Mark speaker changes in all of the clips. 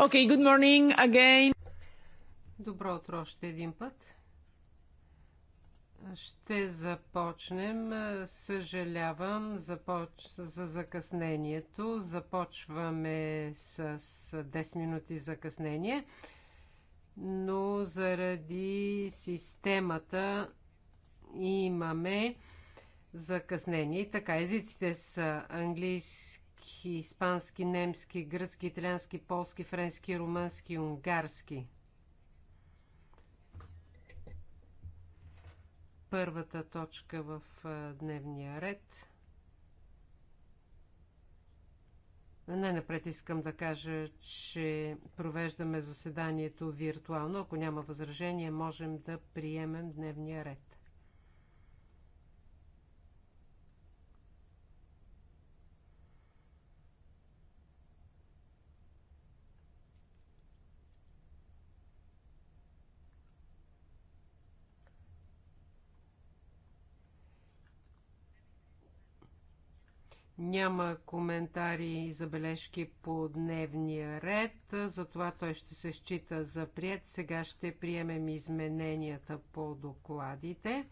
Speaker 1: Okay, good morning again.
Speaker 2: Добро утро още един път. Ще започнем. Съжалявам започ... за закъснението. Започваме с 10 минути закъснение, но заради системата имаме закъснение. Така, езиците са английски испански, немски, гръцки, италиански, полски, френски, румънски, унгарски. Първата точка в дневния ред. Най-напред искам да кажа, че провеждаме заседанието виртуално. Ако няма възражение, можем да приемем дневния ред. Няма коментари и забележки по дневния ред, затова той ще се счита за прият. Сега ще приемем измененията по докладите.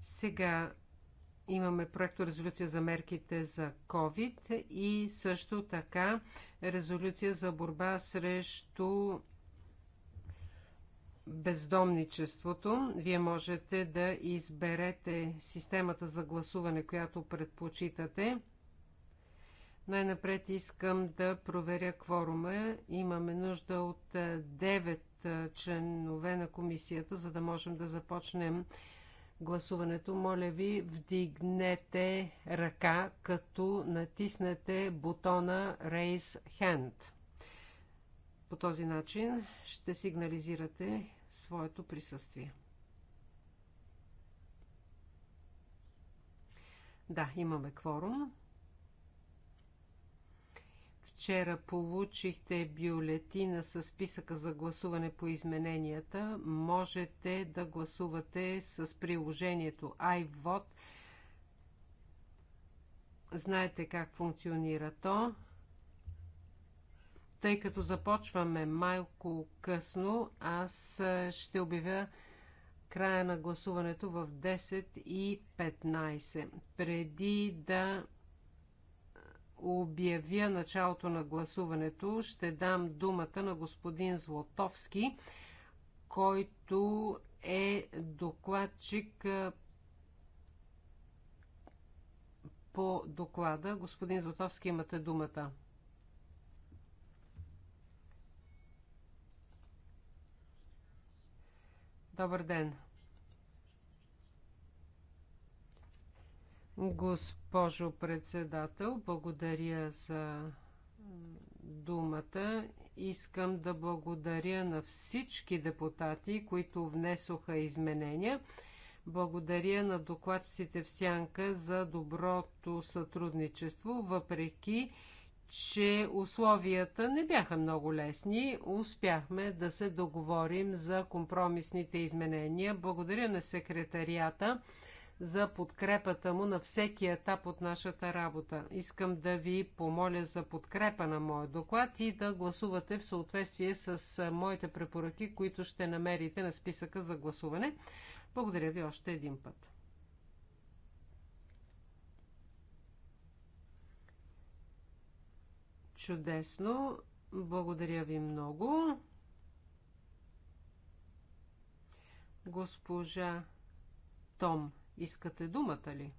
Speaker 2: Сега имаме проекто резолюция за мерките за COVID и също така резолюция за борба срещу бездомничеството. Вие можете да изберете системата за гласуване, която предпочитате. Най-напред искам да проверя кворума. Имаме нужда от 9 е, е, членове на комисията, за да можем да започнем гласуването. Моля ви, вдигнете ръка, като натиснете бутона Raise Hand. По този начин ще сигнализирате своето присъствие. Да, имаме кворум. Вчера получихте бюлетина с списъка за гласуване по измененията. Можете да гласувате с приложението iVote. Знаете как функционира то. Тъй като започваме малко късно, аз ще обявя края на гласуването в 10 и 15. Преди да обявя началото на гласуването, ще дам думата на господин Злотовски, който е докладчик по доклада. Господин Златовски, имате думата. Добър ден. Госпожо председател, благодаря за думата. Искам да благодаря на всички депутати, които внесоха изменения. Благодаря на докладчиците в Сянка за доброто сътрудничество, въпреки че условията не бяха много лесни. Успяхме да се договорим за компромисните изменения. Благодаря на секретарията за подкрепата му на всеки етап от нашата работа. Искам да ви помоля за подкрепа на моят доклад и да гласувате в съответствие с моите препоръки, които ще намерите на списъка за гласуване. Благодаря ви още един път. Чудесно. Благодаря ви много. Госпожа Том, искате думата ли?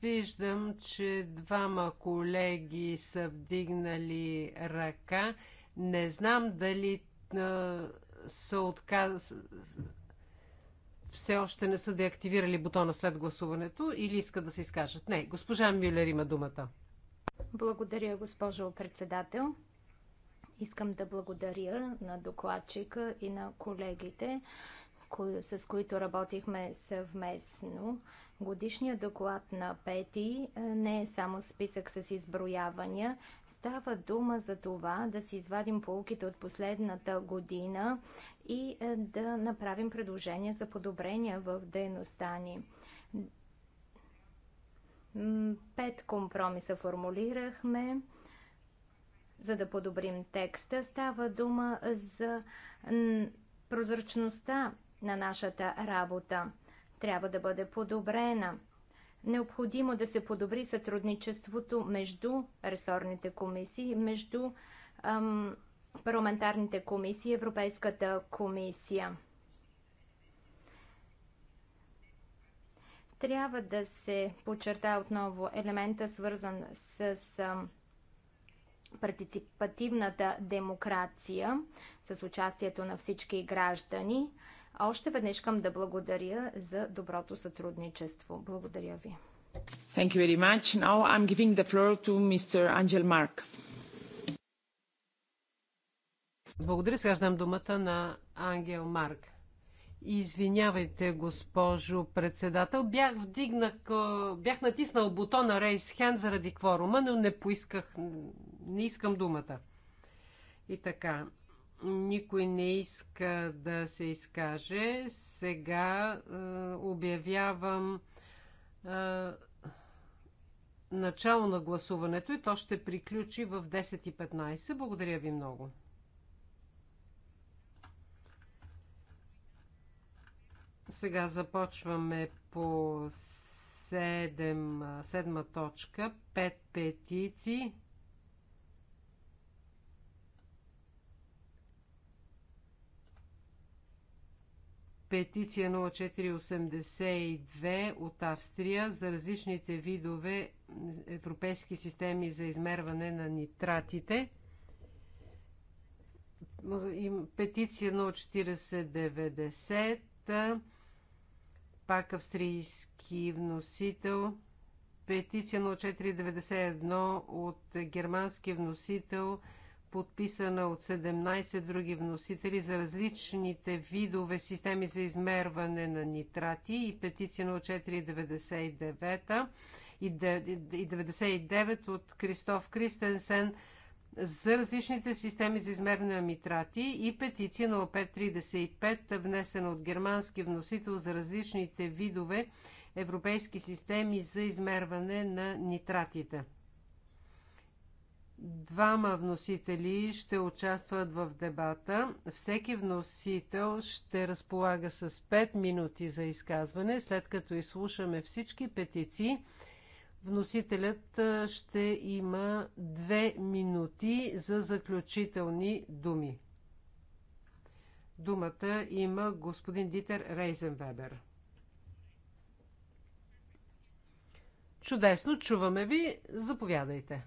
Speaker 2: Виждам, че двама колеги са вдигнали ръка. Не знам дали са отказ все още не са деактивирали бутона след гласуването или искат да се изкажат? Не, госпожа Милер има думата.
Speaker 3: Благодаря, госпожо председател. Искам да благодаря на докладчика и на колегите, с които работихме съвместно. Годишният доклад на Пети е, не е само списък с изброявания. Става дума за това да си извадим полуките от последната година и е, да направим предложения за подобрения в дейността ни. Пет компромиса формулирахме, за да подобрим текста. Става дума за прозрачността на нашата работа. Трябва да бъде подобрена. Необходимо да се подобри сътрудничеството между ресорните комисии, между ам, парламентарните комисии, Европейската комисия. Трябва да се подчерта отново елемента, свързан с партиципативната демокрация, с участието на всички граждани. Още веднъж искам да благодаря за доброто сътрудничество. Благодаря ви.
Speaker 1: Thank you
Speaker 2: very much. Now I'm giving the floor to Mr. Angel Mark. Благодаря. Сега ждам думата на Ангел Марк. Извинявайте, госпожо председател. Бях, вдигнах, бях натиснал бутона Рейс Хен заради кворума, но не поисках, не искам думата. И така, никой не иска да се изкаже. Сега е, обявявам е, начало на гласуването и то ще приключи в 10.15. Благодаря ви много. Сега започваме по 7, седма точка, 5 петиции. Петиция 0482 от Австрия за различните видове европейски системи за измерване на нитратите. Петиция 0490 пак австрийски вносител. Петиция на 491 от германски вносител, подписана от 17 други вносители за различните видове системи за измерване на нитрати и петиция на и 99 от Кристоф Кристенсен – за различните системи за измерване на митрати и петиция на 535, внесена от германски вносител за различните видове европейски системи за измерване на нитратите. Двама вносители ще участват в дебата. Всеки вносител ще разполага с 5 минути за изказване, след като изслушаме всички петиции Вносителят ще има две минути за заключителни думи. Думата има господин Дитер Рейзенвебер. Чудесно, чуваме ви. Заповядайте.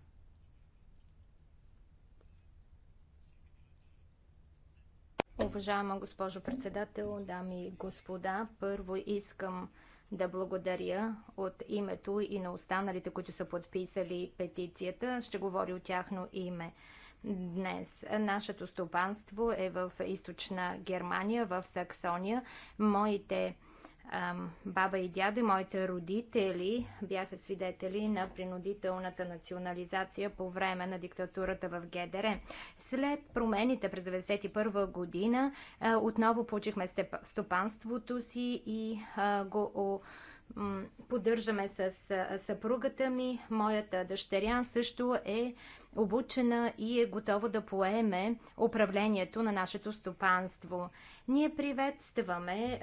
Speaker 3: Уважаема госпожо председател, дами и господа, първо искам да благодаря от името и на останалите, които са подписали петицията. Ще говори от тяхно име днес. Нашето стопанство е в източна Германия, в Саксония. Моите баба и дядо и моите родители бяха свидетели на принудителната национализация по време на диктатурата в ГДР. След промените през 1991 година отново получихме стопанството си и го поддържаме с съпругата ми. Моята дъщеря също е обучена и е готова да поеме управлението на нашето стопанство. Ние приветстваме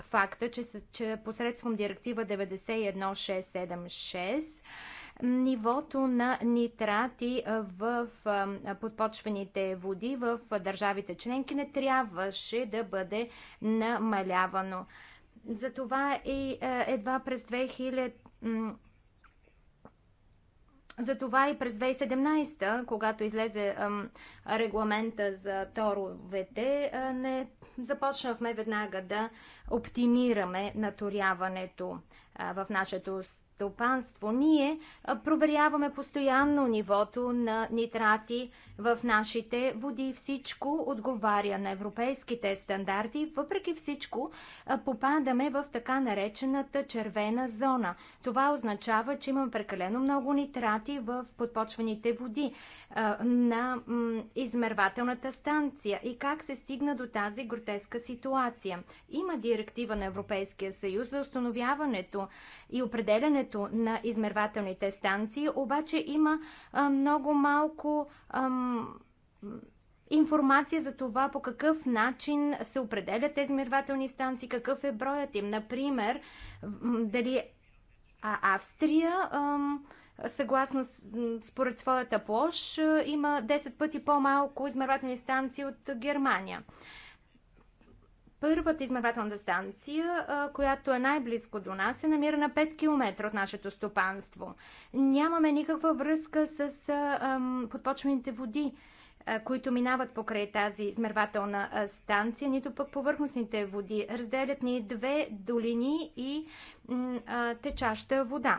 Speaker 3: факта, че, че посредством директива 91676 нивото на нитрати в подпочвените води в държавите членки не трябваше да бъде намалявано. Затова и е, едва през 2000 затова и през 2017, когато излезе регламента за торовете, е, не започнахме веднага да оптимираме наторяването е, в нашето стопанство. Ние проверяваме постоянно нивото на нитрати в нашите води. Всичко отговаря на европейските стандарти. Въпреки всичко попадаме в така наречената червена зона. Това означава, че имаме прекалено много нитрати в подпочвените води на измервателната станция. И как се стигна до тази гротеска ситуация? Има директива на Европейския съюз за установяването и определянето използването на измервателните станции, обаче има а, много малко ам, информация за това по какъв начин се определят тези измервателни станции, какъв е броят им. Например, дали Австрия, съгласно според своята площ, има 10 пъти по-малко измервателни станции от Германия. Първата измервателна станция, която е най-близко до нас, се намира на 5 км от нашето стопанство. Нямаме никаква връзка с подпочвените води, които минават покрай тази измервателна станция, нито пък повърхностните води. Разделят ни две долини и течаща вода.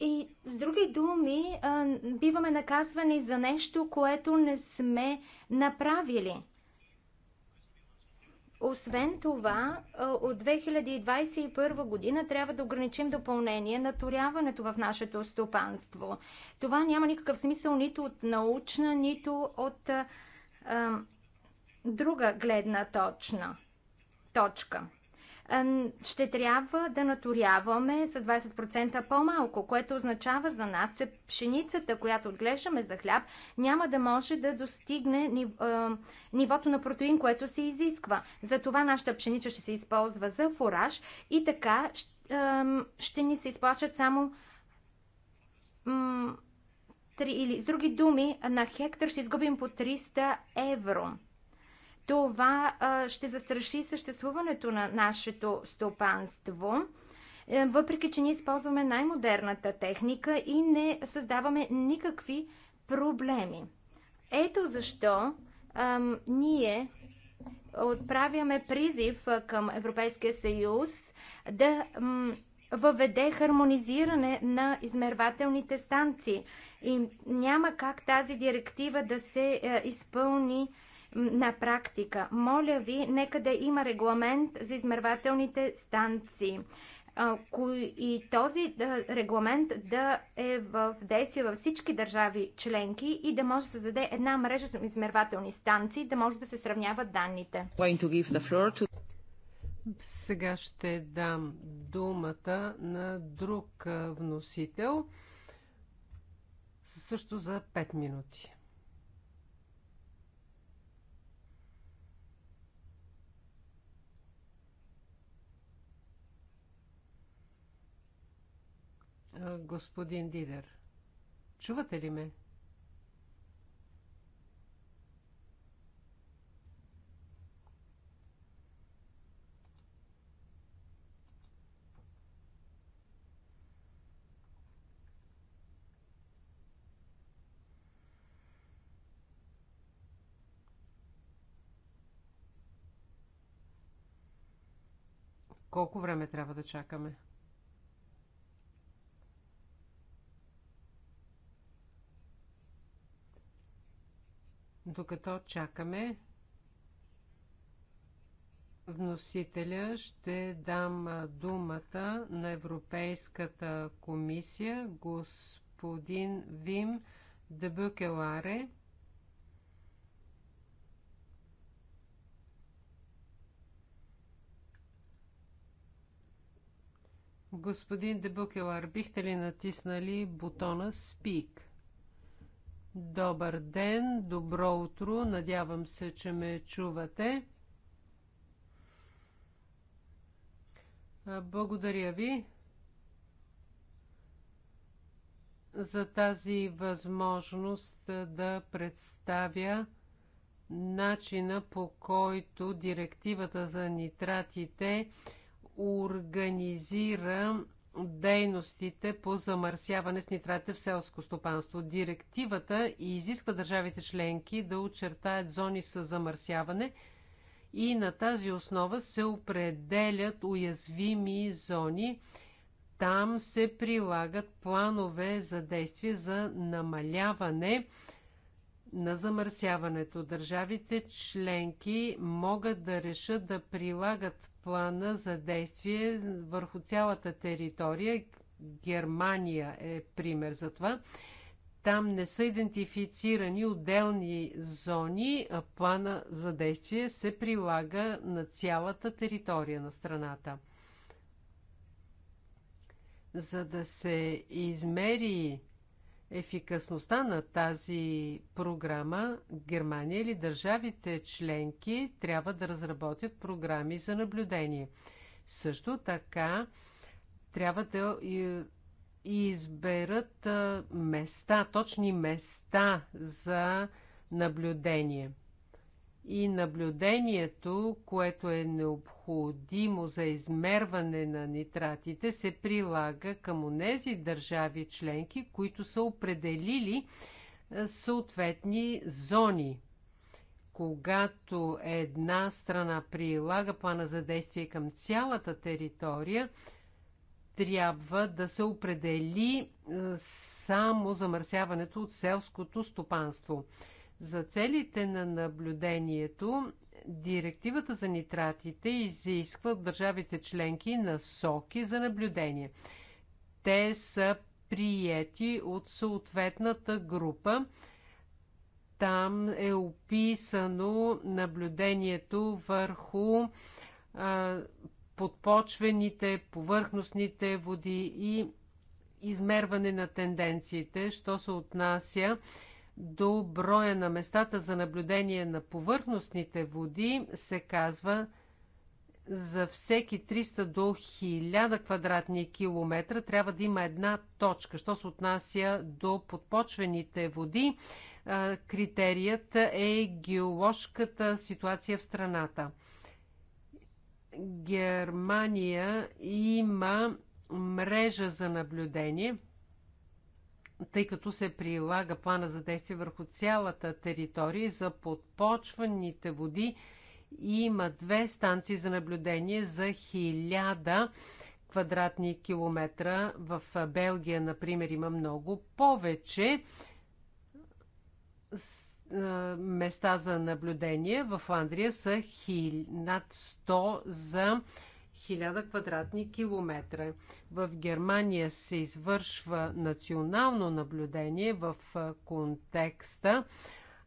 Speaker 3: И с други думи, биваме наказвани за нещо, което не сме направили. Освен това, от 2021 година трябва да ограничим допълнение на торяването в нашето стопанство. Това няма никакъв смисъл нито от научна, нито от а, друга гледна точна, точка ще трябва да наторяваме с 20% по-малко, което означава за нас, че пшеницата, която отглеждаме за хляб, няма да може да достигне нивото на протеин, което се изисква. Затова нашата пшеница ще се използва за фураж и така ще ни се изплачат само 3 или с други думи, на хектар ще изгубим по 300 евро това а, ще застраши съществуването на нашето стопанство. Е, въпреки, че ние използваме най-модерната техника и не създаваме никакви проблеми. Ето защо ам, ние отправяме призив към Европейския съюз да въведе хармонизиране на измервателните станции. И няма как тази директива да се е, изпълни на практика. Моля ви, нека да има регламент за измервателните станции и този регламент да е в действие във всички държави членки и да може да се заде една мрежа на измервателни станции, да може да се сравняват данните.
Speaker 2: Сега ще дам думата на друг вносител, също за 5 минути. господин Дидер. Чувате ли ме? Колко време трябва да чакаме? Докато чакаме, вносителя ще дам думата на Европейската комисия, господин Вим Дебюкеларе. Господин Дебукелар, бихте ли натиснали бутона Speak? Добър ден, добро утро, надявам се, че ме чувате. Благодаря ви за тази възможност да представя начина по който директивата за нитратите организира дейностите по замърсяване с нитрати в селско стопанство. Директивата изисква държавите членки да очертаят зони с замърсяване и на тази основа се определят уязвими зони. Там се прилагат планове за действие за намаляване на замърсяването. Държавите членки могат да решат да прилагат плана за действие върху цялата територия. Германия е пример за това. Там не са идентифицирани отделни зони, а плана за действие се прилага на цялата територия на страната. За да се измери ефикасността на тази програма, Германия или държавите членки трябва да разработят програми за наблюдение. Също така трябва да изберат места, точни места за наблюдение – и наблюдението, което е необходимо за измерване на нитратите, се прилага към онези държави членки, които са определили съответни зони. Когато една страна прилага плана за действие към цялата територия, трябва да се определи само замърсяването от селското стопанство. За целите на наблюдението, директивата за нитратите изисква от държавите членки насоки за наблюдение. Те са приети от съответната група. Там е описано наблюдението върху а, подпочвените, повърхностните води и измерване на тенденциите, що се отнася до броя на местата за наблюдение на повърхностните води се казва за всеки 300 до 1000 квадратни километра трябва да има една точка. Що се отнася до подпочвените води, критерият е геоложката ситуация в страната. Германия има мрежа за наблюдение – тъй като се прилага плана за действие върху цялата територия за подпочваните води има две станции за наблюдение за хиляда квадратни километра. В Белгия, например, има много повече места за наблюдение. В Андрия са над 100 за 1000 квадратни километра. В Германия се извършва национално наблюдение в контекста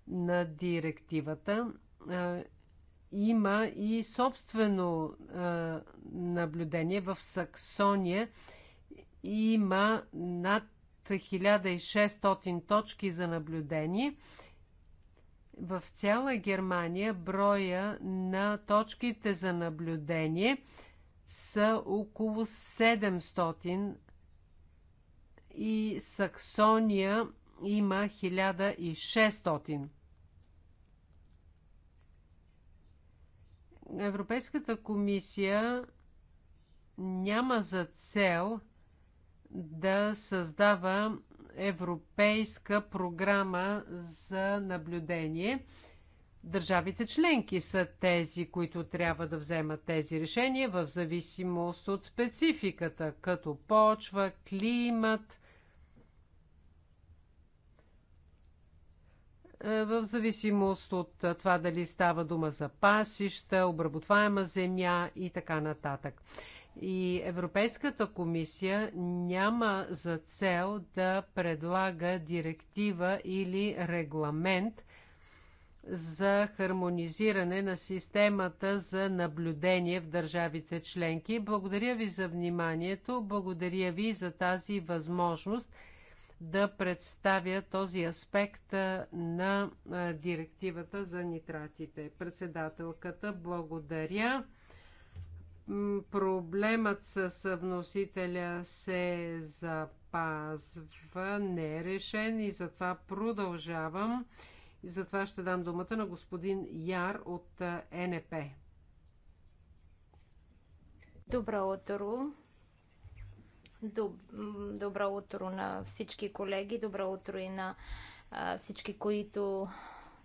Speaker 2: на директивата. Има и собствено наблюдение в Саксония. Има над 1600 точки за наблюдение. В цяла Германия броя на точките за наблюдение са около 700 и Саксония има 1600. Европейската комисия няма за цел да създава европейска програма за наблюдение. Държавите членки са тези, които трябва да вземат тези решения в зависимост от спецификата, като почва, климат, е, в зависимост от това дали става дума за пасища, обработваема земя и така нататък. И Европейската комисия няма за цел да предлага директива или регламент за хармонизиране на системата за наблюдение в държавите членки. Благодаря ви за вниманието, благодаря ви за тази възможност да представя този аспект на директивата за нитратите. Председателката, благодаря. Проблемът с вносителя се запазва, не е решен и затова продължавам. И затова ще дам думата на господин Яр от НП.
Speaker 3: Добро утро! Добро утро на всички колеги, добро утро и на всички, които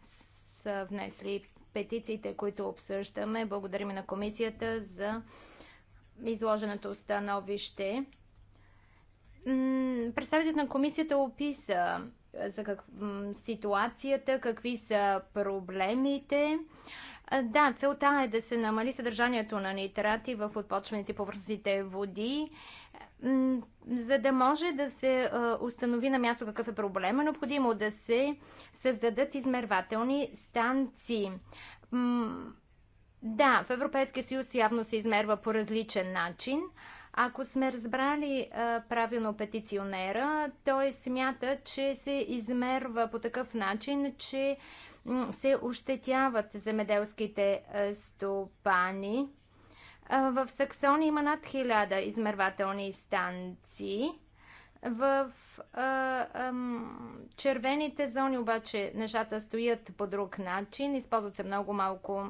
Speaker 3: са внесли петициите, които обсъждаме. Благодарим на комисията за изложеното становище. Представителят на комисията описа за как, ситуацията, какви са проблемите. Да, целта е да се намали съдържанието на нитрати в отпочвените повърхностните води. За да може да се установи на място какъв е проблема, необходимо да се създадат измервателни станции. Да, в Европейския съюз явно се измерва по различен начин. Ако сме разбрали а, правилно петиционера, той смята, че се измерва по такъв начин, че се ощетяват земеделските стопани. В Саксония има над 1000 измервателни станции. В а, ам, червените зони обаче нещата стоят по друг начин. Използват се много малко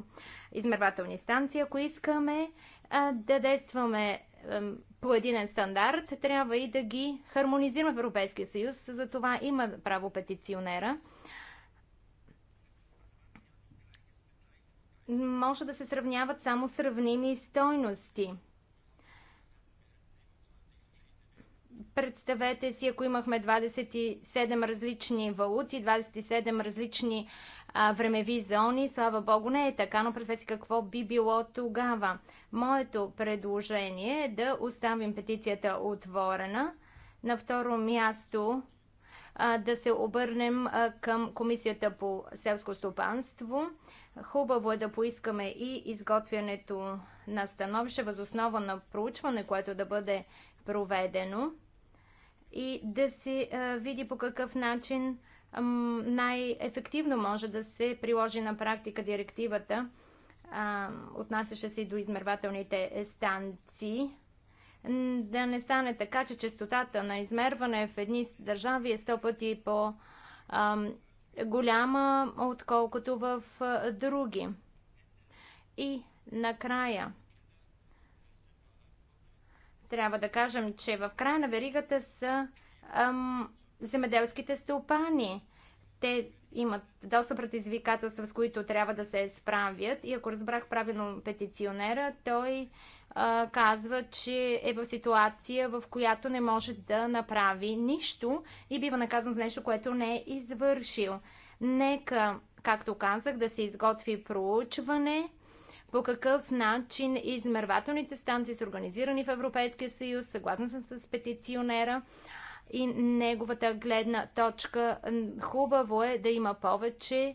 Speaker 3: измервателни станции. Ако искаме а, да действаме по единен стандарт, трябва и да ги хармонизираме в Европейския съюз. За това има право петиционера. Може да се сравняват само сравними стойности – Представете си, ако имахме 27 различни валути, 27 различни а, времеви зони, слава богу, не е така, но представете си какво би било тогава. Моето предложение е да оставим петицията отворена. На второ място а, да се обърнем а, към Комисията по селско стопанство. Хубаво е да поискаме и изготвянето на становище възоснова на проучване, което да бъде проведено и да се види по какъв начин най-ефективно може да се приложи на практика директивата, отнасяща се и до измервателните станции. Да не стане така, че частотата на измерване в едни държави е сто пъти по- голяма, отколкото в други. И накрая, трябва да кажем, че в края на веригата са ам, земеделските стопани. Те имат доста предизвикателства, с които трябва да се справят. И ако разбрах правилно петиционера, той а, казва, че е в ситуация, в която не може да направи нищо и бива наказан за нещо, което не е извършил. Нека, както казах, да се изготви проучване по какъв начин измервателните станции са организирани в Европейския съюз. Съгласна съм с петиционера и неговата гледна точка. Хубаво е да има повече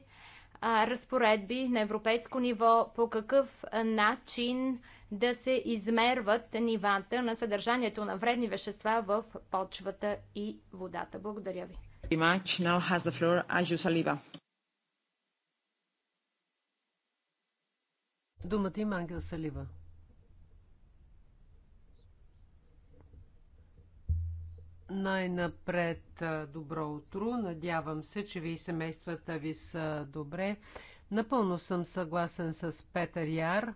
Speaker 3: а, разпоредби на европейско ниво по какъв начин да се измерват нивата на съдържанието на вредни вещества в почвата и водата. Благодаря ви.
Speaker 2: Думата има Ангел Салива. Най-напред добро утро. Надявам се, че ви и семействата ви са добре. Напълно съм съгласен с Петър Яр.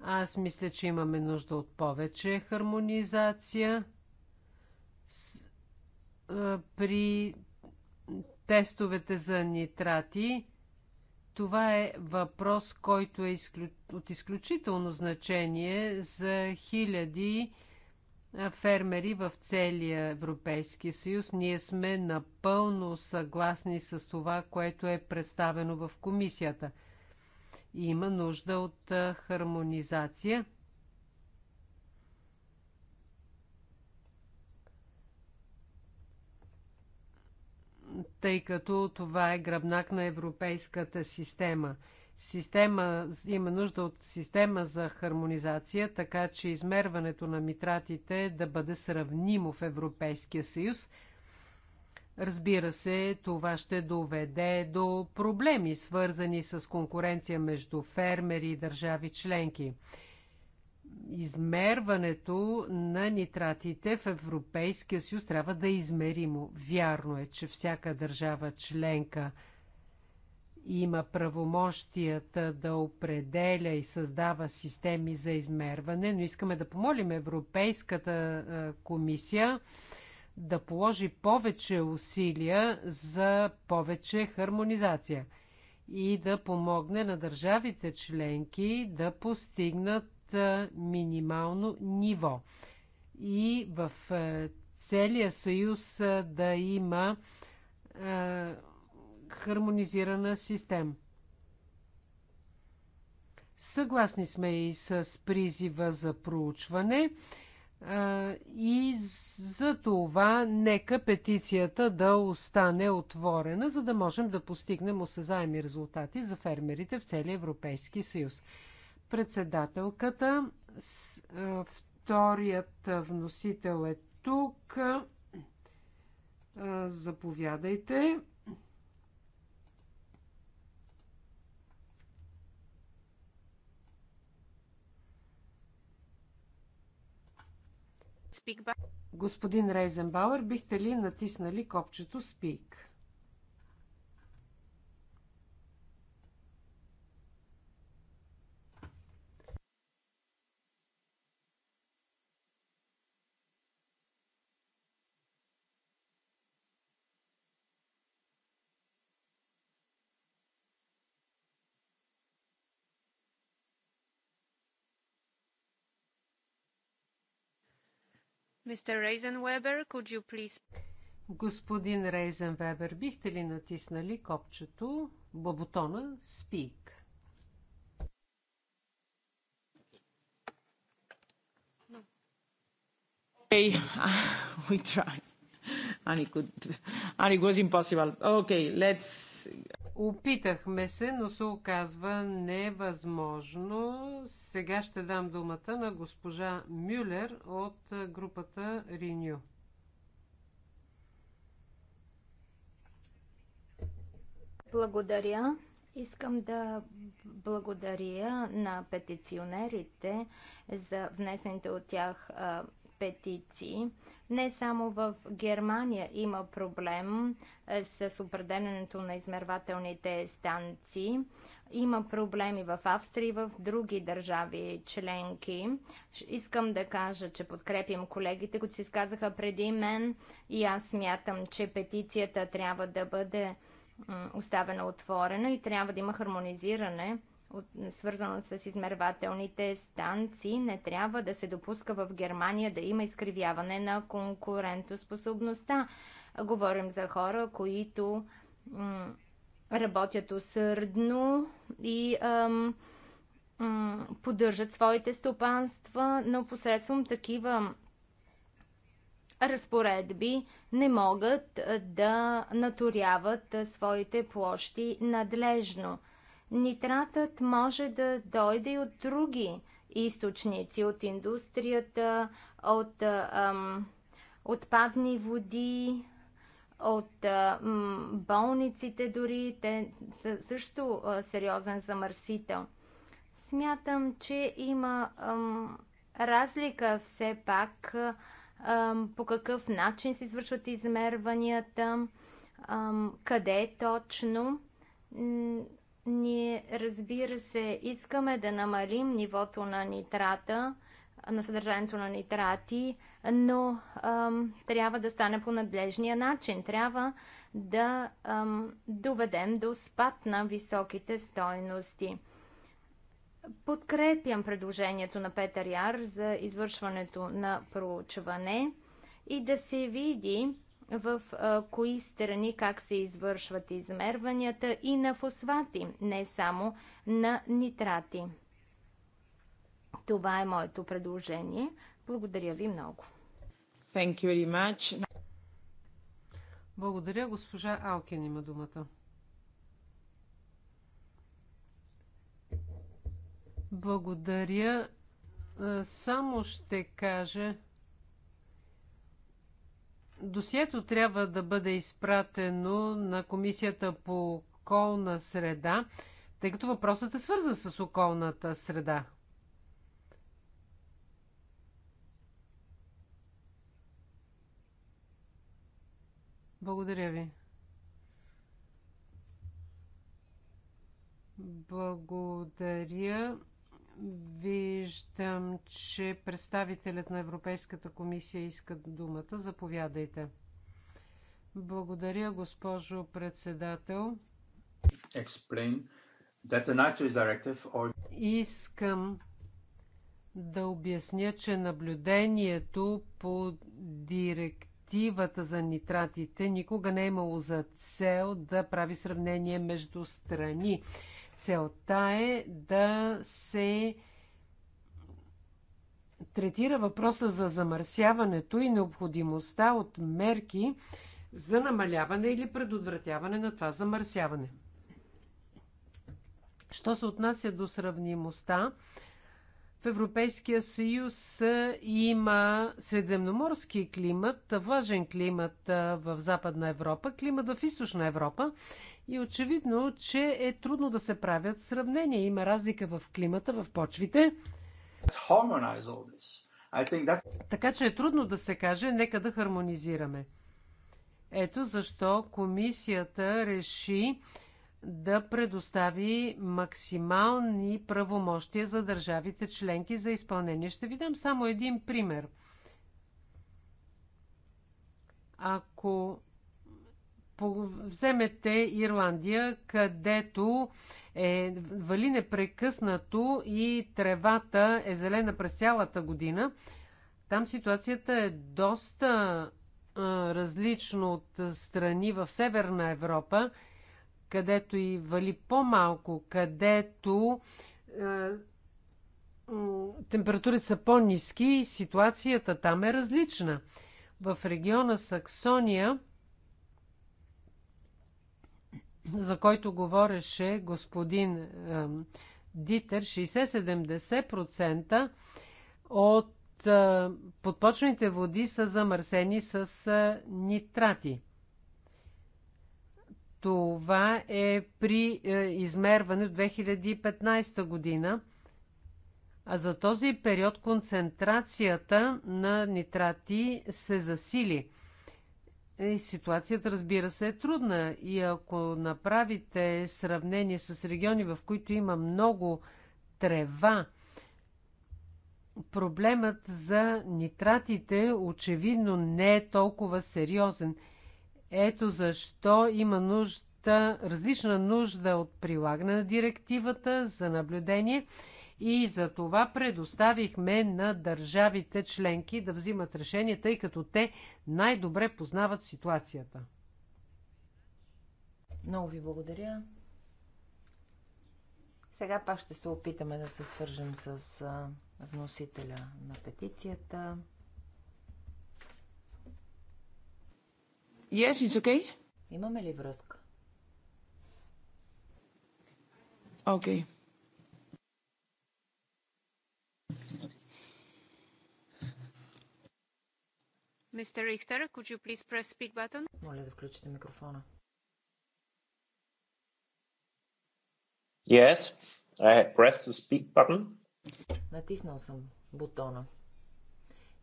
Speaker 2: Аз мисля, че имаме нужда от повече хармонизация при тестовете за нитрати това е въпрос, който е изклю... от изключително значение за хиляди фермери в целия Европейски съюз. Ние сме напълно съгласни с това, което е представено в комисията. Има нужда от хармонизация тъй като това е гръбнак на европейската система. Система има нужда от система за хармонизация, така че измерването на митратите да бъде сравнимо в Европейския съюз. Разбира се, това ще доведе до проблеми, свързани с конкуренция между фермери и държави членки измерването на нитратите в Европейския съюз трябва да е измеримо. Вярно е, че всяка държава членка има правомощията да определя и създава системи за измерване, но искаме да помолим Европейската комисия да положи повече усилия за повече хармонизация и да помогне на държавите членки да постигнат минимално ниво. И в е, целия съюз е, да има е, хармонизирана система. Съгласни сме и с призива за проучване и за това нека петицията да остане отворена, за да можем да постигнем осезаеми резултати за фермерите в целия Европейски съюз. Председателката, вторият вносител е тук. Заповядайте. Господин Рейзенбауер, бихте ли натиснали копчето Speak?
Speaker 4: Mr. Reisenweber, could
Speaker 2: you please... Господин Рейзенвебер, бихте ли натиснали копчето, бутона Speak? Okay, we tried. And
Speaker 1: it, could, and it was impossible. Okay, let's...
Speaker 2: Опитахме се, но се оказва невъзможно. Сега ще дам думата на госпожа Мюлер от групата Renew.
Speaker 3: Благодаря. Искам да благодаря на петиционерите за внесените от тях а, петиции. Не само в Германия има проблем е, с определенето на измервателните станции. Има проблеми в Австрия и в други държави членки. Искам да кажа, че подкрепим колегите, които се изказаха преди мен и аз смятам, че петицията трябва да бъде оставена отворена и трябва да има хармонизиране свързано с измервателните станции. Не трябва да се допуска в Германия да има изкривяване на конкурентоспособността. Говорим за хора, които работят усърдно и ам, ам, поддържат своите стопанства, но посредством такива разпоредби не могат да наторяват своите площи надлежно. Нитратът може да дойде и от други източници, от индустрията, от ам, отпадни води, от ам, болниците дори. Те са също а, сериозен замърсител. Смятам, че има ам, разлика все пак ам, по какъв начин се извършват измерванията, ам, къде точно ние, разбира се, искаме да намалим нивото на нитрата, на съдържанието на нитрати, но ам, трябва да стане по надлежния начин. Трябва да ам, доведем до спад на високите стойности. Подкрепям предложението на Петър Яр за извършването на проучване и да се види в а, кои страни как се извършват измерванията и на фосфати, не само на нитрати. Това е моето предложение. Благодаря ви много.
Speaker 2: Thank you very much. Благодаря. Госпожа Алкин има думата. Благодаря. Е, само ще кажа, Досието трябва да бъде изпратено на Комисията по околна среда, тъй като въпросът е свързан с околната среда. Благодаря ви. Благодаря. Виждам, че представителят на Европейската комисия иска думата. Заповядайте. Благодаря, госпожо председател. Or... Искам да обясня, че наблюдението по директивата за нитратите никога не е имало за цел да прави сравнение между страни Целта е да се третира въпроса за замърсяването и необходимостта от мерки за намаляване или предотвратяване на това замърсяване. Що се отнася до сравнимостта, в Европейския съюз има средземноморски климат, влажен климат в Западна Европа, климат в Източна Европа и очевидно, че е трудно да се правят сравнения. Има разлика в климата, в почвите. Така че е трудно да се каже, нека да хармонизираме. Ето защо комисията реши да предостави максимални правомощия за държавите членки за изпълнение. Ще ви дам само един пример. Ако вземете Ирландия, където е вали непрекъснато и тревата е зелена през цялата година. Там ситуацията е доста а, различно от страни в Северна Европа, където и вали по-малко, където а, температури са по-низки и ситуацията там е различна. В региона Саксония за който говореше господин Дитер, 60-70% от е, подпочвените води са замърсени с е, нитрати. Това е при е, измерване в 2015 година. А за този период концентрацията на нитрати се засили – е, ситуацията, разбира се, е трудна. И ако направите сравнение с региони, в които има много трева, проблемът за нитратите очевидно не е толкова сериозен. Ето защо има нужда, различна нужда от прилагане на директивата за наблюдение – и за това предоставихме на държавите членки да взимат решения, тъй като те най-добре познават ситуацията.
Speaker 5: Много ви благодаря. Сега пак ще се опитаме да се свържем с вносителя на петицията. Yes, it's okay. Имаме ли връзка?
Speaker 1: Okay.
Speaker 4: Mr. Richter, could you please press speak button?
Speaker 5: Моля да включите микрофона.
Speaker 6: Yes, I pressed the speak button.
Speaker 5: Натиснал съм бутона.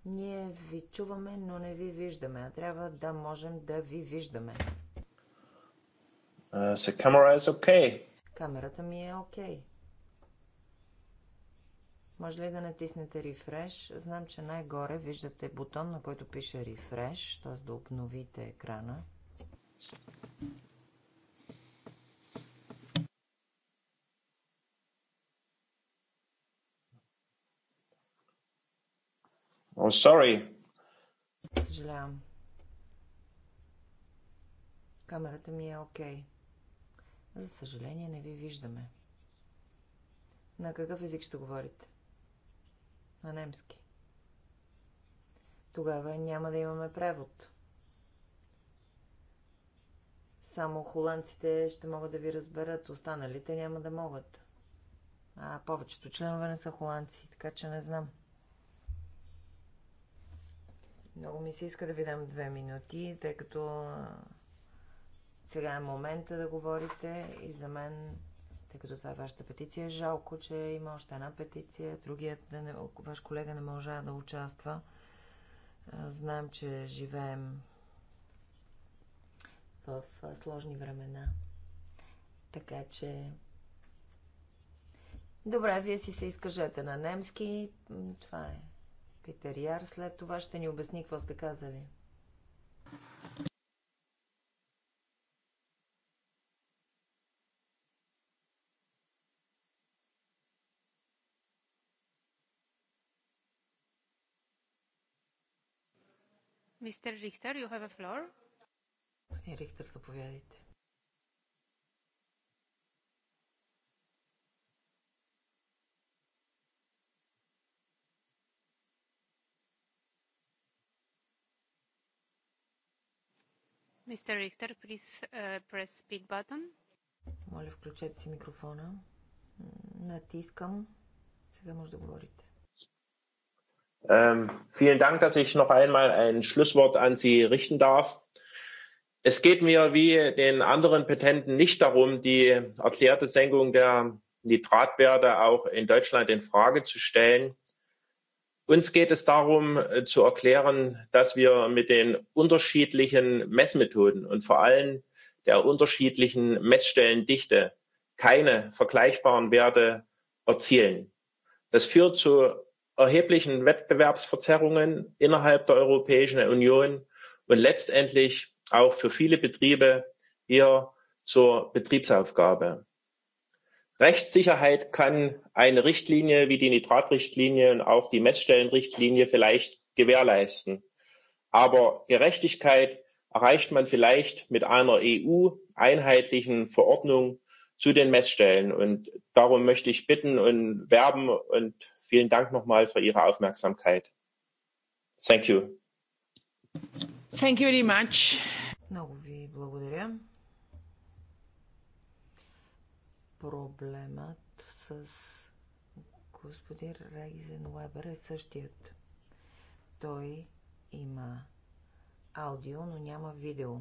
Speaker 5: Ние ви чуваме, но не ви виждаме, а трябва да можем да ви виждаме.
Speaker 6: Uh, so camera is okay.
Speaker 5: Камерата ми е окей. Okay. Може ли да натиснете рефреш? Знам, че най-горе виждате бутон, на който пише рефреш, т.е. да обновите екрана.
Speaker 6: Oh, sorry.
Speaker 5: Съжалявам. Камерата ми е окей. Okay. За съжаление не ви виждаме. На какъв език ще говорите? на немски. Тогава няма да имаме превод. Само холандците ще могат да ви разберат, останалите няма да могат. А повечето членове не са холандци, така че не знам. Много ми се иска да ви дам две минути, тъй като сега е момента да говорите и за мен тъй като това е вашата петиция. Е жалко, че има още една петиция, другият да не, ваш колега не може да участва. Знаем, че живеем в сложни времена. Така че... Добре, вие си се изкажете на немски. Това е. Питериар, след това ще ни обясни какво сте казали.
Speaker 4: Мистер Рихтер, you have a floor. Господин Рихтер, заповядайте. Мистер Рихтер, please uh, press speak button. Моля,
Speaker 5: включете си микрофона. Натискам. Сега може да говорите.
Speaker 6: Ähm, vielen Dank, dass ich noch einmal ein Schlusswort an Sie richten darf. Es geht mir wie den anderen Petenten nicht darum, die erklärte Senkung der Nitratwerte auch in Deutschland in Frage zu stellen. Uns geht es darum zu erklären, dass wir mit den unterschiedlichen Messmethoden und vor allem der unterschiedlichen Messstellendichte keine vergleichbaren Werte erzielen. Das führt zu erheblichen Wettbewerbsverzerrungen innerhalb der Europäischen Union und letztendlich auch für viele Betriebe hier zur Betriebsaufgabe. Rechtssicherheit kann eine Richtlinie wie die Nitratrichtlinie und auch die Messstellenrichtlinie vielleicht gewährleisten. Aber Gerechtigkeit erreicht man vielleicht mit einer EU einheitlichen Verordnung zu den Messstellen. Und darum möchte ich bitten und werben und Vielen Dank nochmal für Ihre Aufmerksamkeit. Thank you.
Speaker 1: Thank you very
Speaker 5: much. Много ви благодаря. Проблемът с господин Райзен Уебер е същият. Той има аудио, но няма видео.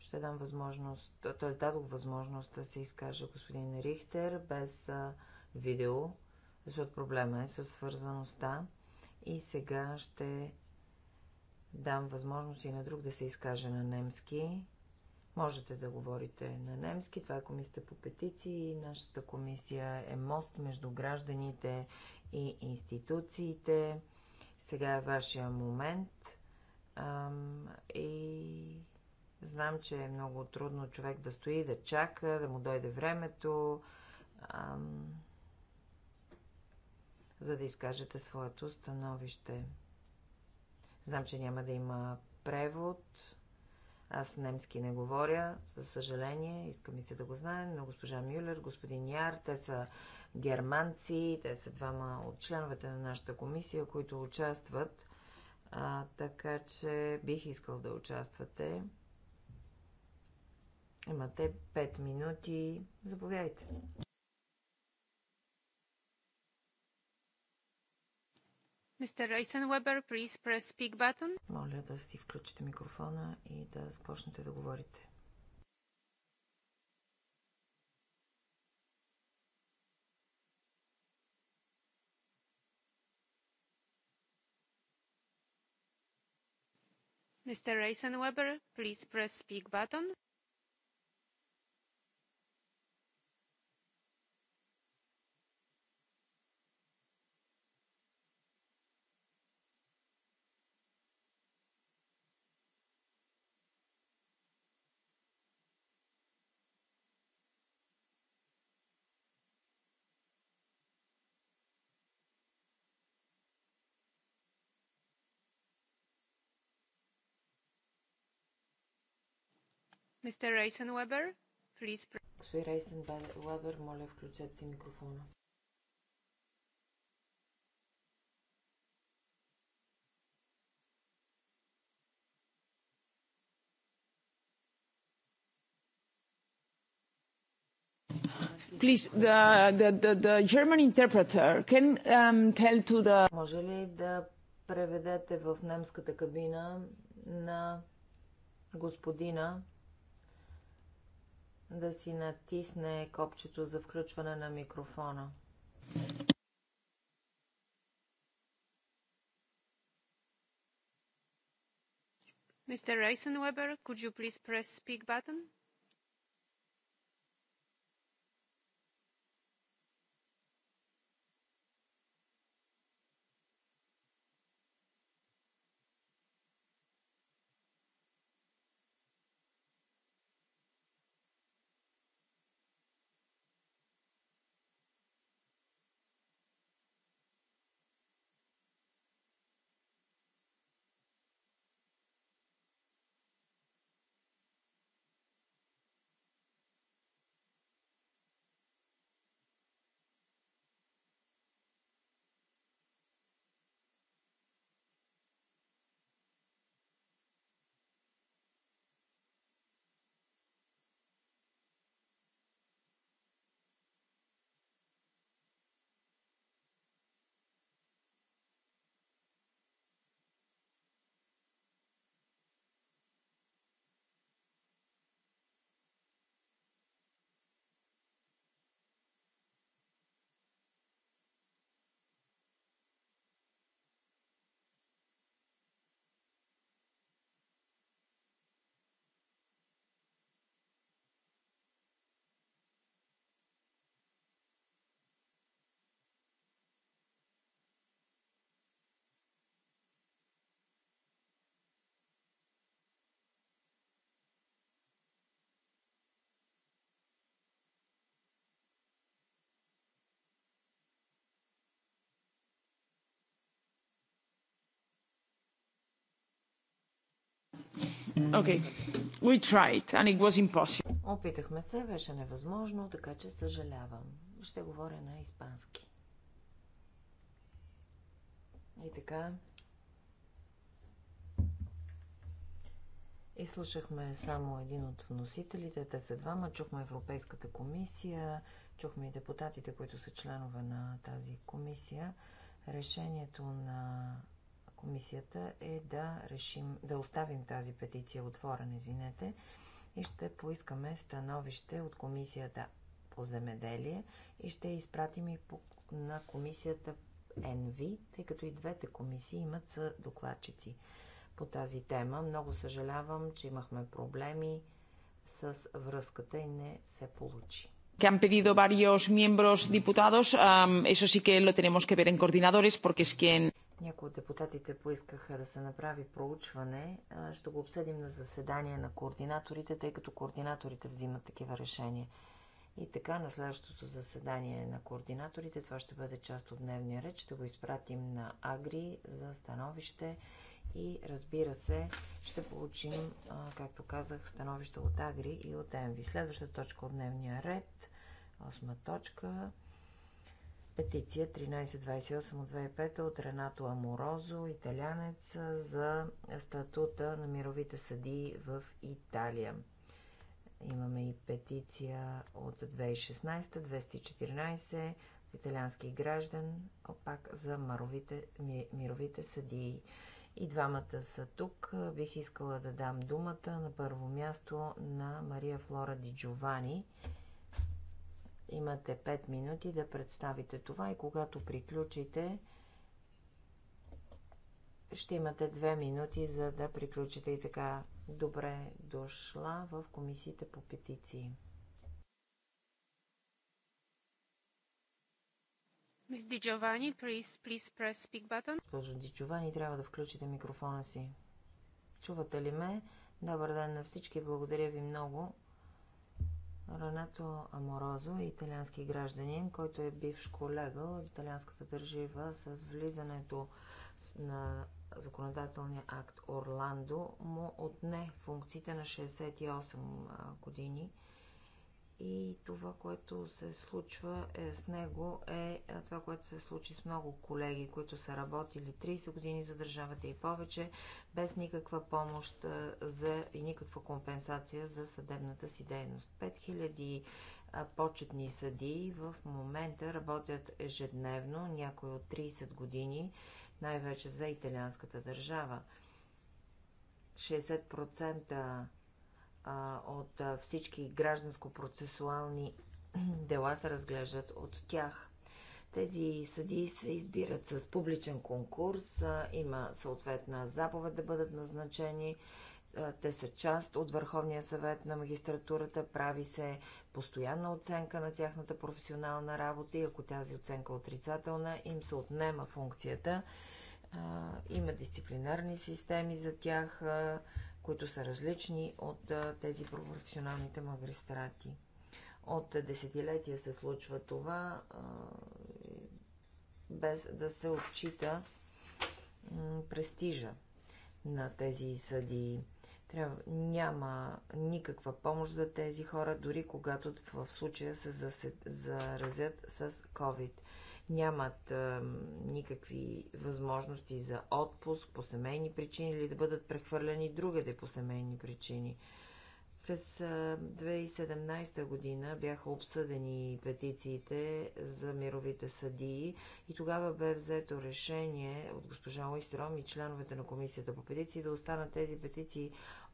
Speaker 5: Ще дам възможност, т.е. дадох възможност да се изкаже господин Рихтер без видео защото проблема е със свързаността. И сега ще дам възможност и на друг да се изкаже на немски. Можете да говорите на немски. Това е комисията по петиции. Нашата комисия е мост между гражданите и институциите. Сега е вашия момент. Ам, и знам, че е много трудно човек да стои, да чака, да му дойде времето. Ам, за да изкажете своето становище. Знам, че няма да има превод. Аз немски не говоря, за съжаление, искам и се да го знаем, но госпожа Мюлер, господин Яр, те са германци, те са двама от членовете на нашата комисия, които участват, а, така че бих искал да участвате. Имате 5 минути.
Speaker 4: Заповядайте. Mr. Eisenweber, please press speak button. Моля да си включите
Speaker 5: микрофона и да започнете да говорите.
Speaker 4: Mr. Eisenweber, please press speak button. Mr. Reisenweber, please. Господин Reisenweber, моля включете си микрофона.
Speaker 1: Please, the, the, the, the German interpreter can um, tell
Speaker 5: to the... Може ли да преведете в немската кабина на господина, да си натисне копчето за включване на микрофона.
Speaker 4: Mr. Reisenweber, could you please press speak button?
Speaker 1: Okay. We tried and it was impossible.
Speaker 5: Опитахме се, беше невъзможно, така че съжалявам. Ще говоря на испански. И така. И слушахме само един от вносителите. Те са двама. Чухме Европейската комисия, чухме и депутатите, които са членове на тази комисия. Решението на комисията е да решим, да оставим тази петиция отворена, извинете, и ще поискаме становище от комисията по земеделие и ще изпратим и по, на комисията НВ, тъй като и двете комисии имат са докладчици по тази тема. Много съжалявам, че имахме проблеми с връзката и не се получи.
Speaker 1: que han pedido varios miembros diputados, um, eso sí que lo tenemos que ver en coordinadores porque es quien.
Speaker 5: Някои от депутатите поискаха да се направи проучване. Ще го обсъдим на заседание на координаторите, тъй като координаторите взимат такива решения. И така, на следващото заседание на координаторите, това ще бъде част от дневния ред, ще го изпратим на Агри за становище и разбира се, ще получим, както казах, становище от Агри и от ЕМВИ. Следваща точка от дневния ред, осма точка, петиция 1328 от 2005 от Ренато Аморозо, италянец, за статута на мировите съдии в Италия. Имаме и петиция от 2016, 214, от италиански граждан, пак за мировите, мировите съдии. И двамата са тук. Бих искала да дам думата на първо място на Мария Флора Ди Джовани, Имате 5 минути да представите това и когато приключите, ще имате 2 минути, за да приключите и така. Добре дошла в комисиите по петиции.
Speaker 4: Мис please, please press speak button.
Speaker 5: Госпожо Диджовани, трябва да включите микрофона си. Чувате ли ме? Добър ден на всички, благодаря ви много. Ренато Аморозо е италиански гражданин, който е бивш колега от италианската държава с влизането на законодателния акт Орландо му отне функциите на 68 години и това, което се случва е, с него е, е това, което се случи с много колеги, които са работили 30 години за държавата и повече, без никаква помощ е, за, и никаква компенсация за съдебната си дейност. 5000 е, почетни съдии в момента работят ежедневно, някои от 30 години, най-вече за италианската държава. 60% от всички гражданско-процесуални дела се разглеждат от тях. Тези съдии се избират с публичен конкурс, има съответна заповед да бъдат назначени. те са част от Върховния съвет на магистратурата, прави се постоянна оценка на тяхната професионална работа и ако тази оценка е отрицателна, им се отнема функцията. има дисциплинарни системи за тях, които са различни от тези професионалните магистрати. От десетилетия се случва това, без да се отчита престижа на тези съдии. Трябва, няма никаква помощ за тези хора, дори когато в случая се заразят с COVID нямат а, никакви възможности за отпуск по семейни причини или да бъдат прехвърляни другаде по семейни причини. През 2017 година бяха обсъдени петициите за мировите съдии и тогава бе взето решение от госпожа Ойстром и членовете на комисията по петиции да останат тези петиции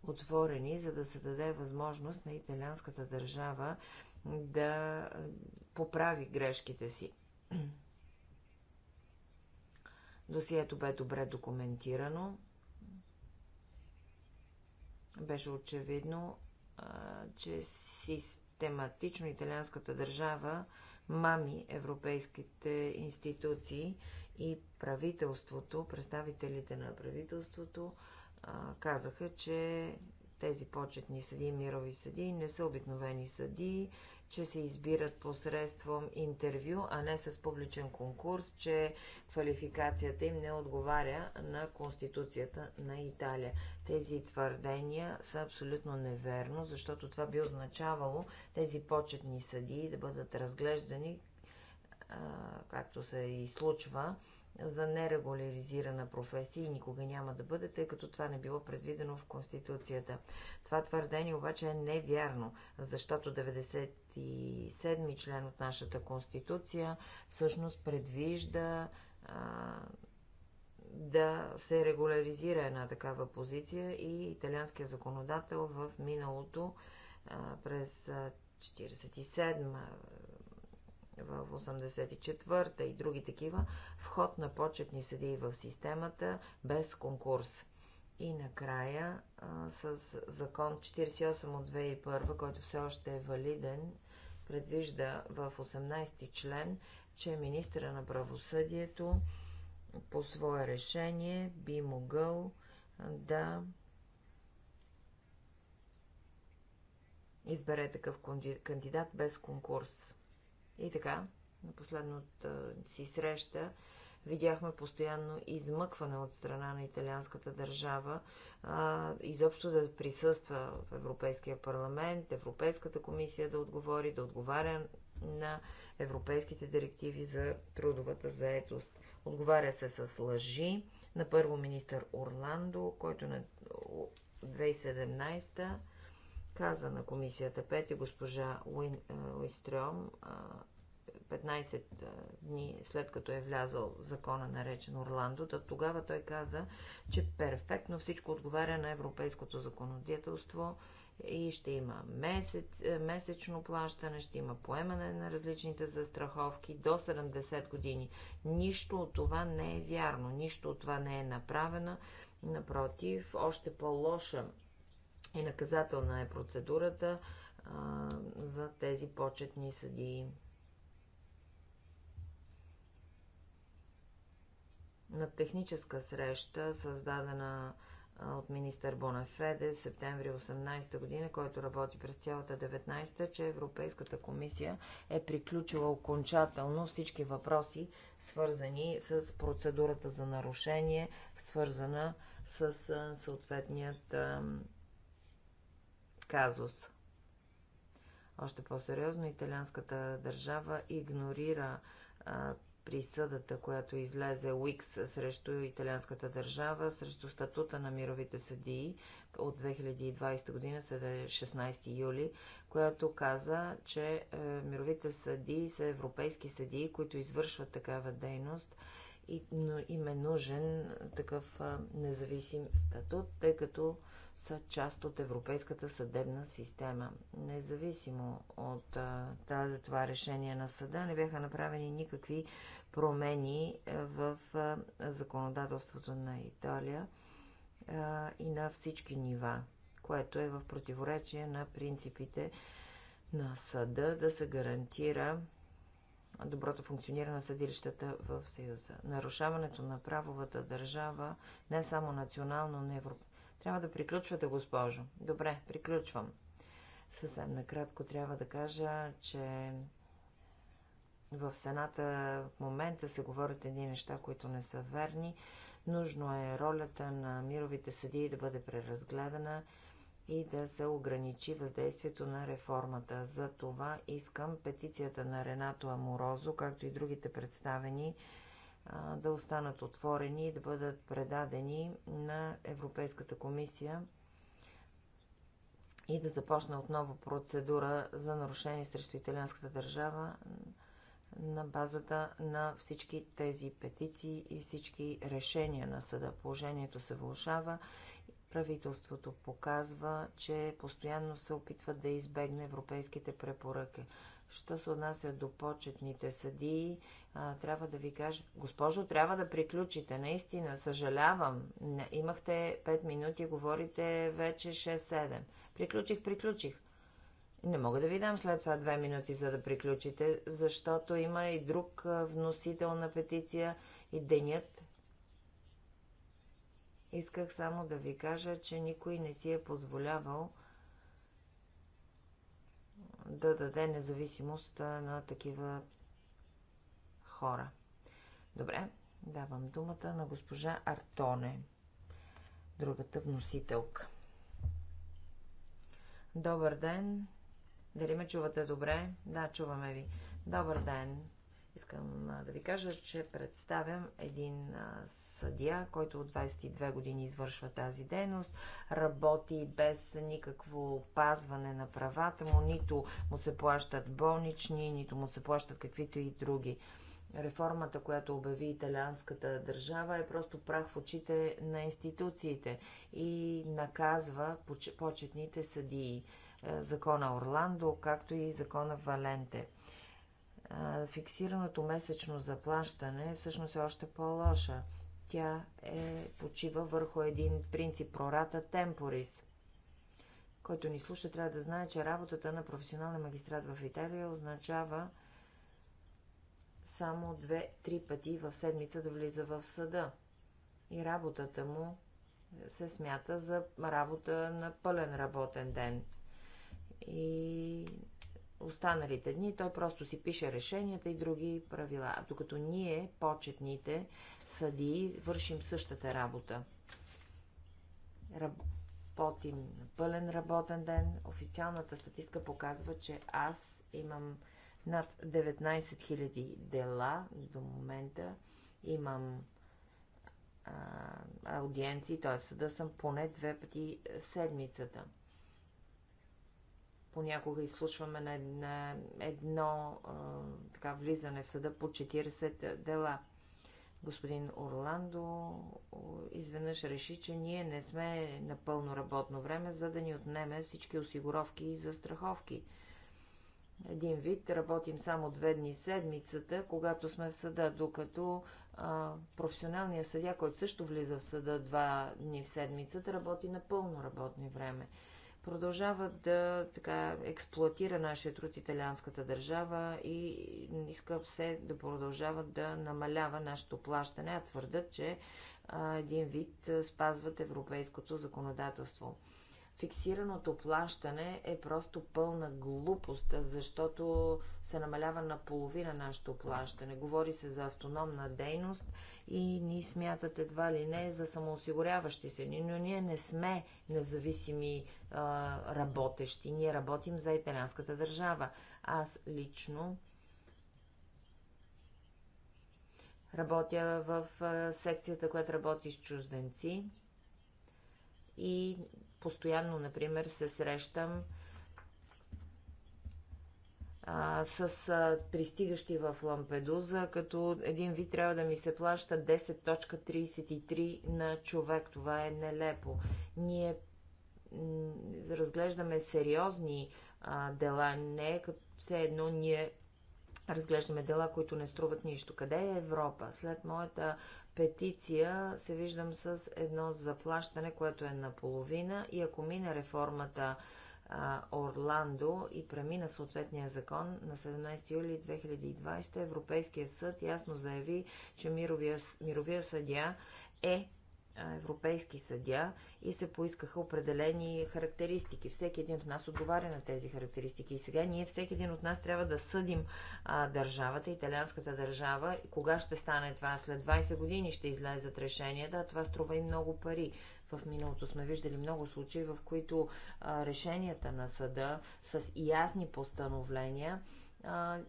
Speaker 5: отворени, за да се даде възможност на италианската държава да поправи грешките си. Досието бе добре документирано. Беше очевидно, че систематично италианската държава мами европейските институции и правителството, представителите на правителството казаха, че тези почетни съди, мирови съди не са обикновени съди че се избират посредством интервю, а не с публичен конкурс, че квалификацията им не отговаря на Конституцията на Италия. Тези твърдения са абсолютно неверно, защото това би означавало тези почетни съдии да бъдат разглеждани, както се и случва, за нерегуляризирана професия и никога няма да бъде, тъй като това не било предвидено в Конституцията. Това твърдение обаче е невярно, защото 90 27 член от нашата конституция всъщност предвижда да се регуляризира една такава позиция и италианския законодател в миналото през 47 в 84-та и други такива, вход на почетни съдии в системата без конкурс. И накрая а, с закон 48 от 2001, който все още е валиден, предвижда в 18 ти член, че министра на правосъдието по свое решение би могъл да избере такъв кандидат без конкурс. И така, на последната си среща видяхме постоянно измъкване от страна на италианската държава а, изобщо да присъства в Европейския парламент, Европейската комисия да отговори, да отговаря на европейските директиви за трудовата заетост. Отговаря се с лъжи на първо министър Орландо, който на 2017 каза на комисията 5 госпожа Уин, е, Уистрем, 15 дни след като е влязал закона наречен Орландо, да тогава той каза, че перфектно всичко отговаря на европейското законодателство и ще има месец, е, месечно плащане, ще има поемане на различните застраховки до 70 години. Нищо от това не е вярно, нищо от това не е направено. Напротив, още по-лоша и наказателна е процедурата а, за тези почетни съдии. на техническа среща, създадена от министър Бонафеде в септември 18 година, който работи през цялата 19-та, че Европейската комисия е приключила окончателно всички въпроси, свързани с процедурата за нарушение, свързана с съответният казус. Още по-сериозно, италианската държава игнорира присъдата, която излезе Уикс срещу италианската държава, срещу статута на мировите съдии от 2020 година, 16 е юли, която каза, че е, мировите съдии са европейски съдии, които извършват такава дейност и, но им е нужен такъв независим статут, тъй като са част от Европейската съдебна система. Независимо от тази, това решение на съда, не бяха направени никакви промени в законодателството на Италия и на всички нива, което е в противоречие на принципите на съда да се гарантира доброто функциониране на съдилищата в Съюза. Нарушаването на правовата държава, не само национално, но и европейско. Трябва да приключвате, госпожо. Добре, приключвам. Съвсем накратко трябва да кажа, че в Сената в момента се говорят едни неща, които не са верни. Нужно е ролята на мировите съдии да бъде преразгледана и да се ограничи въздействието на реформата. За това искам петицията на Ренато Аморозо, както и другите представени, да останат отворени и да бъдат предадени на Европейската комисия и да започне отново процедура за нарушение срещу италианската държава на базата на всички тези петиции и всички решения на съда. Положението се влушава Правителството показва, че постоянно се опитва да избегне европейските препоръки. Що се отнася до почетните съдии, а, трябва да ви кажа... Госпожо, трябва да приключите. Наистина, съжалявам. Имахте 5 минути, говорите вече 6-7. Приключих, приключих. Не мога да ви дам след това две минути, за да приключите, защото има и друг вносител на петиция и денят Исках само да ви кажа, че никой не си е позволявал да даде независимост на такива хора. Добре, давам думата на госпожа Артоне, другата вносителка. Добър ден! Дали ме чувате добре? Да, чуваме ви. Добър ден! Искам да ви кажа, че представям един съдия, който от 22 години извършва тази дейност, работи без никакво пазване на правата му, нито му се плащат болнични, нито му се плащат каквито и други. Реформата, която обяви италианската държава, е просто прах в очите на институциите и наказва почетните съдии. Е, закона Орландо, както и закона Валенте фиксираното месечно заплащане е всъщност е още по-лоша. Тя е, почива върху един принцип прората темпорис. Който ни слуша, трябва да знае, че работата на професионален магистрат в Италия означава само две-три пъти в седмица да влиза в съда. И работата му се смята за работа на пълен работен ден. И останалите дни той просто си пише решенията и други правила, докато ние, почетните съдии, вършим същата работа. Работим на пълен работен ден. Официалната статистика показва, че аз имам над 19 000 дела до момента. Имам а, аудиенции, т.е. да съм поне две пъти седмицата. Понякога изслушваме на едно, едно а, така влизане в съда по 40 дела. Господин Орландо изведнъж реши, че ние не сме на пълно работно време, за да ни отнеме всички осигуровки и застраховки. Един вид работим само две дни седмицата, когато сме в съда, докато а, професионалният съдя, който също влиза в съда два дни в седмицата, работи на пълно работно време продължава да така, експлуатира нашия труд италианската държава и иска все да продължава да намалява нашето плащане, а твърдят, че а, един вид спазват европейското законодателство фиксираното плащане е просто пълна глупост, защото се намалява на половина нашето плащане. Говори се за автономна дейност и ни смятат едва ли не за самоосигуряващи се. Но ние не сме независими а, работещи. Ние работим за италянската държава. Аз лично работя в секцията, която работи с чужденци и Постоянно, например, се срещам с а, пристигащи в Лампедуза, като един вид трябва да ми се плаща 10.33 на човек. Това е нелепо. Ние разглеждаме сериозни а, дела, не е като все едно ние разглеждаме дела, които не струват нищо. Къде е Европа? След моята петиция се виждам с едно заплащане, което е наполовина и ако мине реформата Орландо и премина съответния закон на 17 юли 2020 Европейския съд ясно заяви, че мировия, мировия съдия е европейски съдя и се поискаха определени характеристики. Всеки един от нас отговаря на тези характеристики. И сега ние, всеки един от нас, трябва да съдим а, държавата, италианската държава. Кога ще стане това? След 20 години ще излезат решения. Да, това струва и много пари. В миналото сме виждали много случаи, в които а, решенията на съда с ясни постановления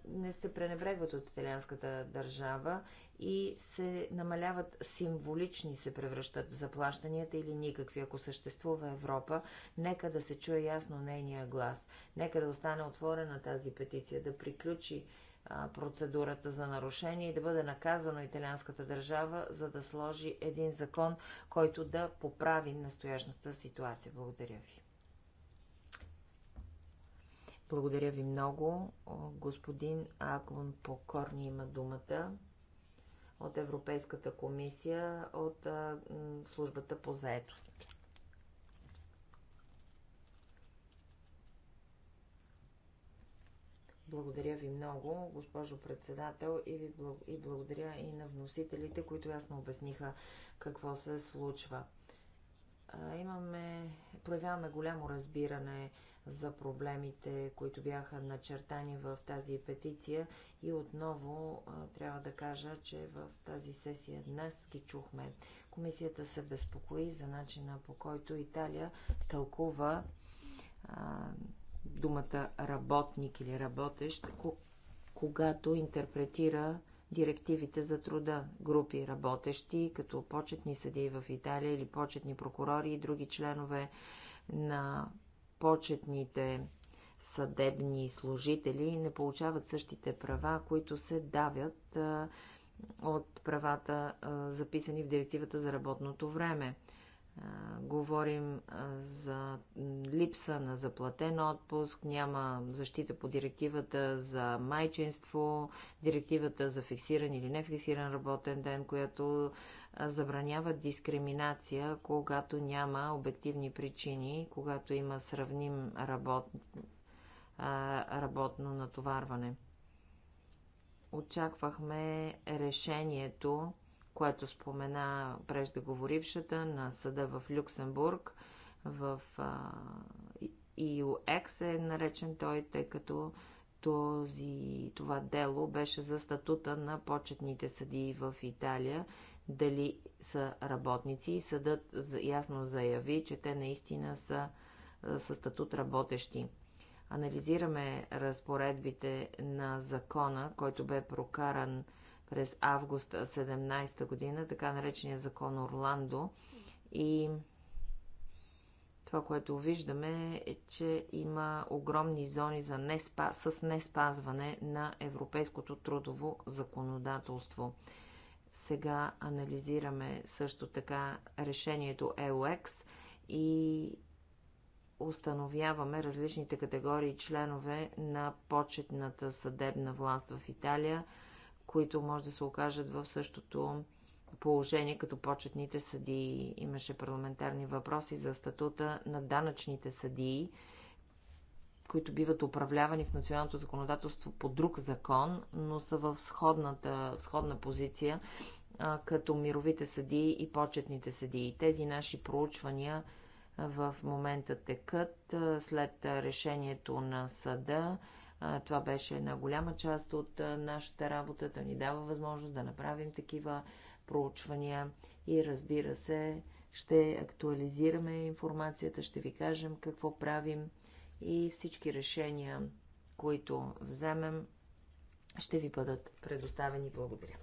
Speaker 5: не се пренебрегват от италианската държава и се намаляват символични, се превръщат заплащанията или никакви. Ако съществува Европа, нека да се чуе ясно нейния глас. Нека да остане отворена тази петиция, да приключи а, процедурата за нарушение и да бъде наказано италианската държава, за да сложи един закон, който да поправи настоящата ситуация. Благодаря ви. Благодаря ви много. Господин Аглон Покорни има думата от Европейската комисия от а, службата по заетост. Благодаря ви много, госпожо председател, и, ви благ... и благодаря и на вносителите, които ясно обясниха какво се случва. А, имаме, проявяваме голямо разбиране за проблемите, които бяха начертани в тази петиция. И отново трябва да кажа, че в тази сесия днес ги чухме. Комисията се безпокои за начина по който Италия тълкува а, думата работник или работещ, когато интерпретира директивите за труда, групи работещи, като почетни съдии в Италия или почетни прокурори и други членове на почетните съдебни служители не получават същите права, които се давят от правата записани в директивата за работното време говорим за липса на заплатен отпуск, няма защита по директивата за майчинство, директивата за фиксиран или нефиксиран работен ден, която забранява дискриминация, когато няма обективни причини, когато има сравним работ... работно натоварване. Очаквахме решението което спомена преждеговорившата на съда в Люксембург, в EUX е наречен той, тъй като този, това дело беше за статута на почетните съдии в Италия, дали са работници и съдът ясно заяви, че те наистина са със статут работещи. Анализираме разпоредбите на закона, който бе прокаран през август 17 година, така наречения закон Орландо. И това, което виждаме е, че има огромни зони за неспа... с неспазване на европейското трудово законодателство. Сега анализираме също така решението EUX е и установяваме различните категории членове на почетната съдебна власт в Италия – които може да се окажат в същото положение като почетните съдии. Имаше парламентарни въпроси за статута на данъчните съдии, които биват управлявани в националното законодателство по друг закон, но са в сходната, в сходна позиция а, като мировите съдии и почетните съдии. Тези наши проучвания в момента текат след решението на съда това беше една голяма част от нашата работа, да ни дава възможност да направим такива проучвания и разбира се, ще актуализираме информацията, ще ви кажем какво правим и всички решения, които вземем, ще ви бъдат предоставени. Благодаря.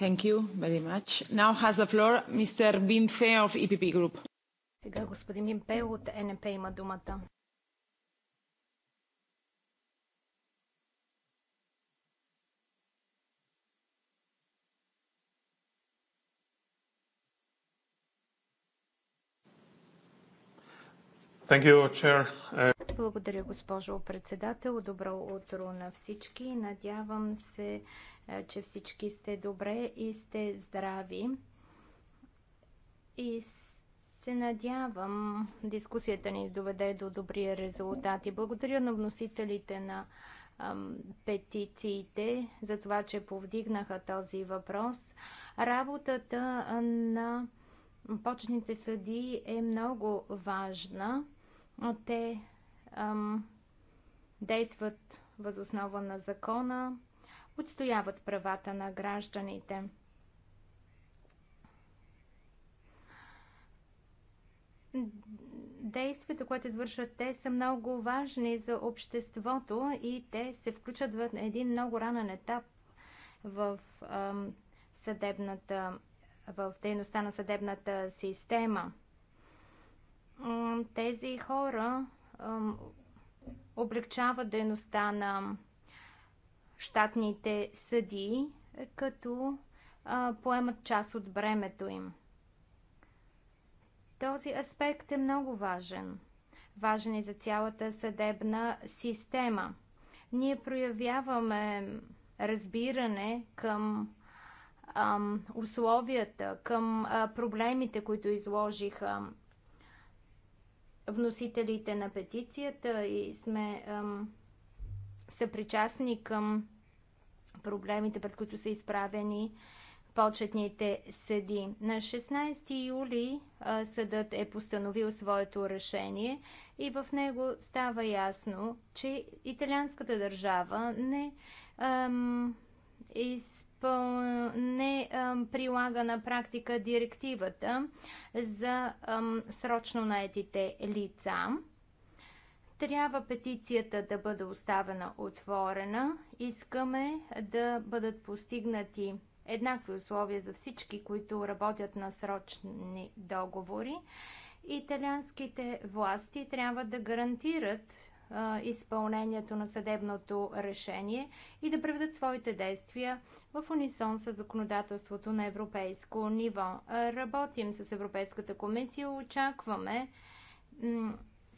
Speaker 1: Thank you very much. Now has the floor Mr. Vince of EPP Group.
Speaker 3: Сега господин Мимпел от ЕНП има думата.
Speaker 7: Uh,
Speaker 3: Благодаря, госпожо председател. Добро утро на всички. Надявам се, е, че всички сте добре и сте здрави. И се надявам дискусията ни доведе до добри резултати. Благодаря на вносителите на ам, петициите за това, че повдигнаха този въпрос. Работата на почните съди е много важна. Те ам, действат възоснова на закона, отстояват правата на гражданите. Действията, които извършват те, са много важни за обществото и те се включат в един много ранен етап в съдебната, в дейността на съдебната система. Тези хора облегчават дейността на щатните съдии, като а, поемат част от бремето им. Този аспект е много важен. Важен и е за цялата съдебна система. Ние проявяваме разбиране към ам, условията, към а, проблемите, които изложиха вносителите на петицията и сме ам, съпричастни към проблемите, пред които са изправени почетните съди. На 16 юли съдът е постановил своето решение и в него става ясно, че италианската държава не, ам, изпъл... не ам, прилага на практика директивата за ам, срочно наетите лица трябва петицията да бъде оставена отворена. Искаме да бъдат постигнати еднакви условия за всички, които работят на срочни договори. Италианските власти трябва да гарантират а, изпълнението на съдебното решение и да приведат своите действия в унисон с законодателството на европейско ниво. Работим с Европейската комисия, очакваме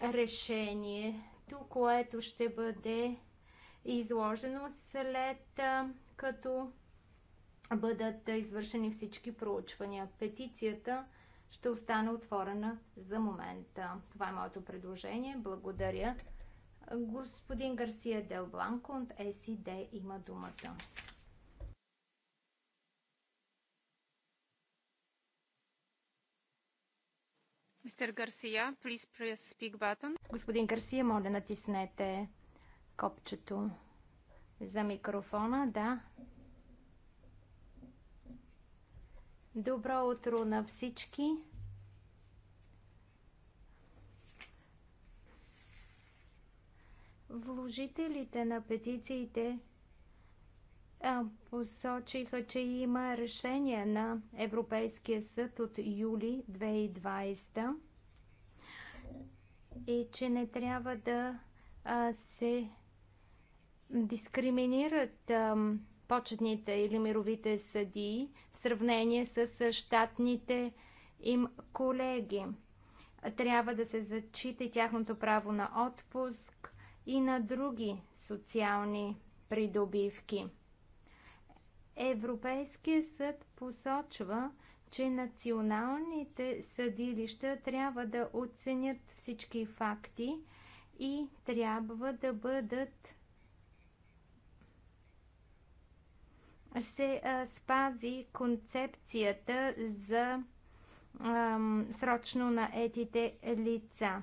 Speaker 3: решението, което ще бъде изложено след като бъдат извършени всички проучвания. Петицията ще остане отворена за момента. Това е моето предложение. Благодаря. Господин Гарсия Дел Бланко от СИД има думата.
Speaker 4: Мистер Гарсия, please press speak button.
Speaker 3: Господин Гарсия, моля натиснете копчето за микрофона. Да, Добро утро на всички! Вложителите на петициите посочиха, че има решение на Европейския съд от юли 2020 и че не трябва да се дискриминират почетните или мировите съдии в сравнение с щатните им колеги. Трябва да се зачита тяхното право на отпуск и на други социални придобивки. Европейския съд посочва, че националните съдилища трябва да оценят всички факти и трябва да бъдат се а, спази концепцията за а, срочно етите лица.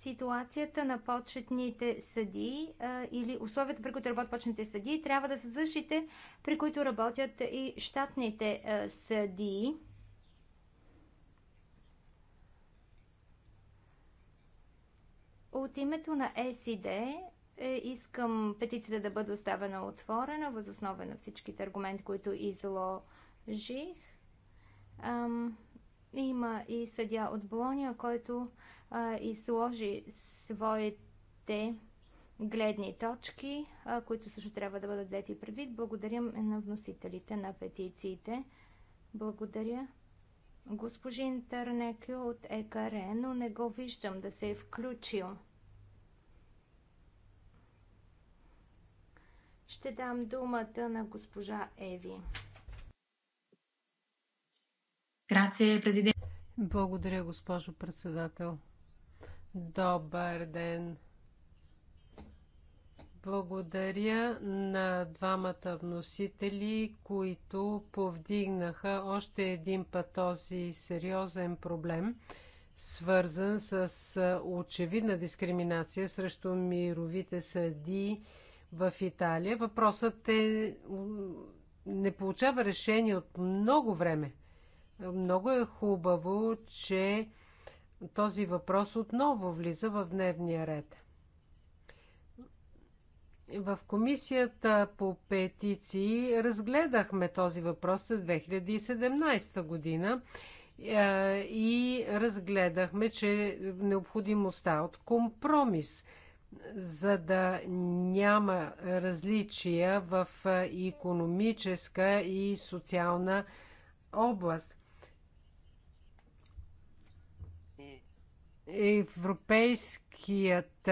Speaker 3: ситуацията на почетните съдии а, или условията, при които работят почетните съдии, трябва да са същите, при които работят и щатните съди. съдии. От името на СИД е, искам петицията да бъде оставена отворена, възоснова на всичките аргументи, които изложих. има и съдя от Болония, който изложи своите гледни точки, които също трябва да бъдат взети предвид. Благодаря на вносителите на петициите. Благодаря. Госпожин Търнекю от ЕКР, но не го виждам да се е включил. Ще дам думата на госпожа
Speaker 2: Еви. Грация, президент. Благодаря, госпожо председател. Добър ден. Благодаря на двамата вносители, които повдигнаха още един път този сериозен проблем, свързан с очевидна дискриминация срещу мировите съди в Италия. Въпросът е не получава решение от много време. Много е хубаво, че този въпрос отново влиза в дневния ред. В комисията по петиции разгледахме този въпрос с 2017 година е, и разгледахме, че необходимостта от компромис – за да няма различия в економическа и социална област. Европейският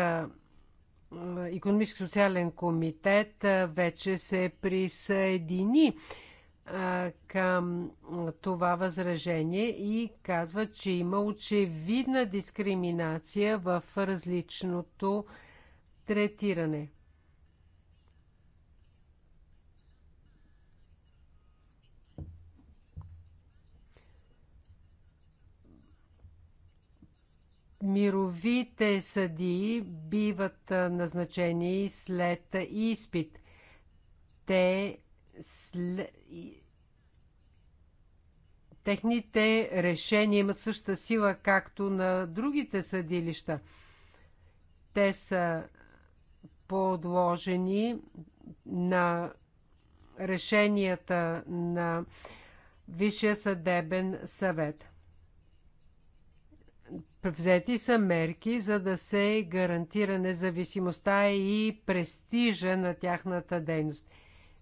Speaker 2: економически социален комитет вече се присъедини към това възражение и казва, че има очевидна дискриминация в различното третиране. Мировите съдии биват назначени след изпит. Те Техните решения имат същата сила, както на другите съдилища. Те са подложени на решенията на Висшия съдебен съвет. Взети са мерки, за да се гарантира независимостта и престижа на тяхната дейност.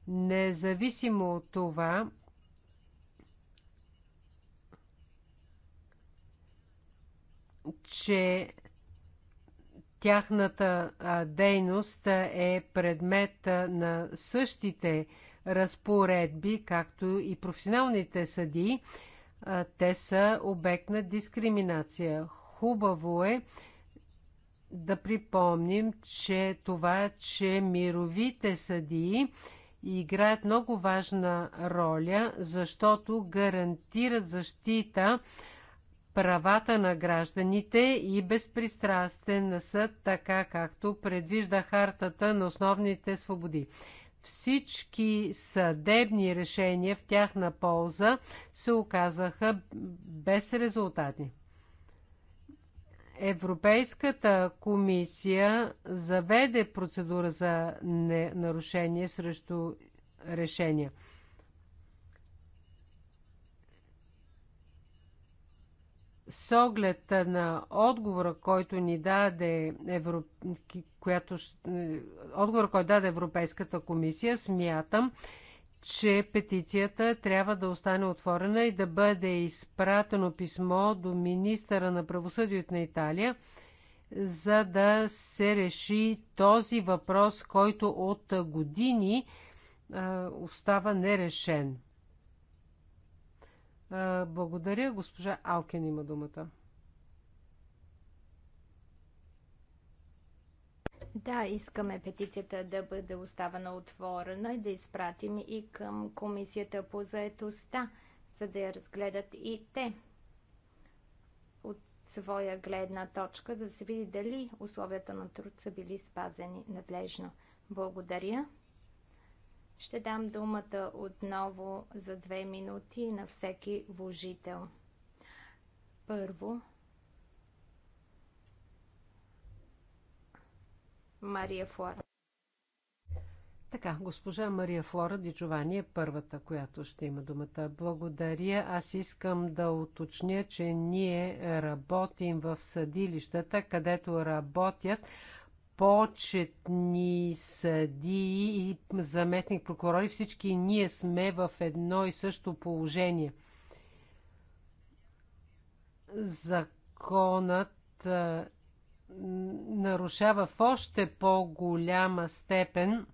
Speaker 2: Независимо от това, че Тяхната дейност е предмет на същите разпоредби, както и професионалните съдии. Те са обект на дискриминация. Хубаво е да припомним, че това, че мировите съдии играят много важна роля, защото гарантират защита правата на гражданите и безпристрастен съд, така както предвижда хартата на основните свободи. Всички съдебни решения в тяхна полза се оказаха безрезултатни. Европейската комисия заведе процедура за нарушение срещу решения – С оглед на отговора, който ни даде, Европ... която... Е, отговора, който даде Европейската комисия, смятам, че петицията трябва да остане отворена и да бъде изпратено писмо до министъра на правосъдието на Италия, за да се реши този въпрос, който от години остава нерешен. Благодаря. Госпожа Алкен има думата.
Speaker 3: Да, искаме петицията да бъде оставана отворена и да изпратим и към комисията по заетостта, за да я разгледат и те от своя гледна точка, за да се види дали условията на труд са били спазени надлежно. Благодаря. Ще дам думата отново за две минути на всеки вложител.
Speaker 2: Първо, Мария Флора. Така, госпожа Мария Флора Дичовани е първата, която ще има думата. Благодаря. Аз искам да уточня, че ние работим в съдилищата, където работят почетни съдии и заместник прокурори, всички ние сме в едно и също положение. Законът нарушава в още по-голяма степен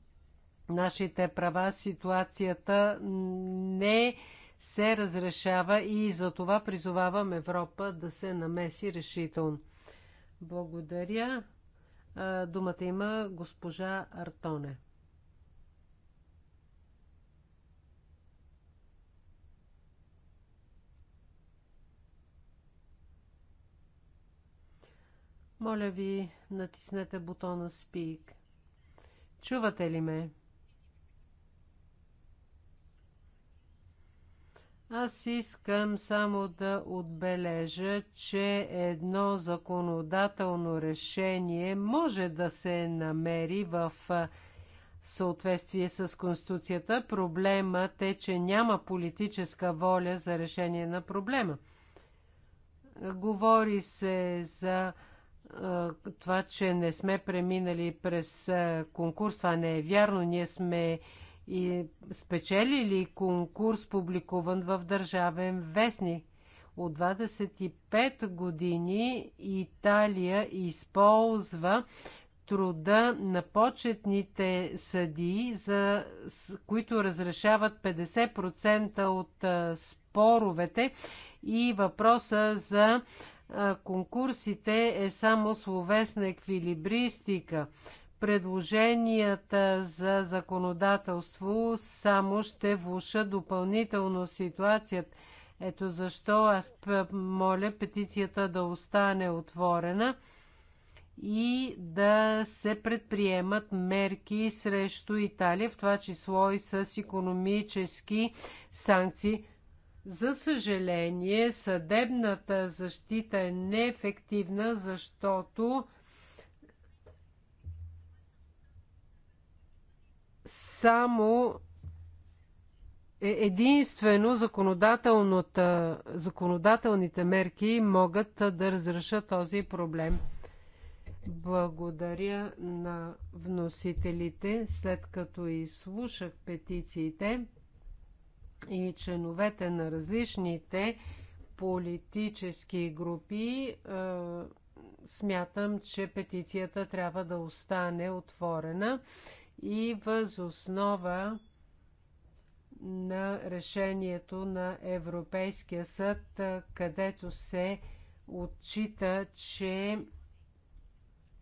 Speaker 2: нашите права. Ситуацията не се разрешава и за това призовавам Европа да се намеси решително. Благодаря. Думата има госпожа Артоне. Моля ви, натиснете бутона Speak. Чувате ли ме? Аз искам само да отбележа, че едно законодателно решение може да се намери в съответствие с Конституцията. Проблемът е, че няма политическа воля за решение на проблема. Говори се за това, че не сме преминали през конкурс. Това не е вярно. Ние сме и спечелили конкурс, публикуван в Държавен вестник. От 25 години Италия използва труда на почетните съдии, за, които разрешават 50% от споровете и въпроса за конкурсите е само словесна еквилибристика предложенията за законодателство само ще влуша допълнително ситуацията. Ето защо аз моля петицията да остане отворена и да се предприемат мерки срещу Италия, в това число и с економически санкции. За съжаление, съдебната защита е неефективна, защото само е единствено законодателните мерки могат да разрешат този проблем. Благодаря на вносителите, след като изслушах петициите и членовете на различните политически групи. Е, смятам, че петицията трябва да остане отворена и въз основа на решението на Европейския съд, където се отчита, че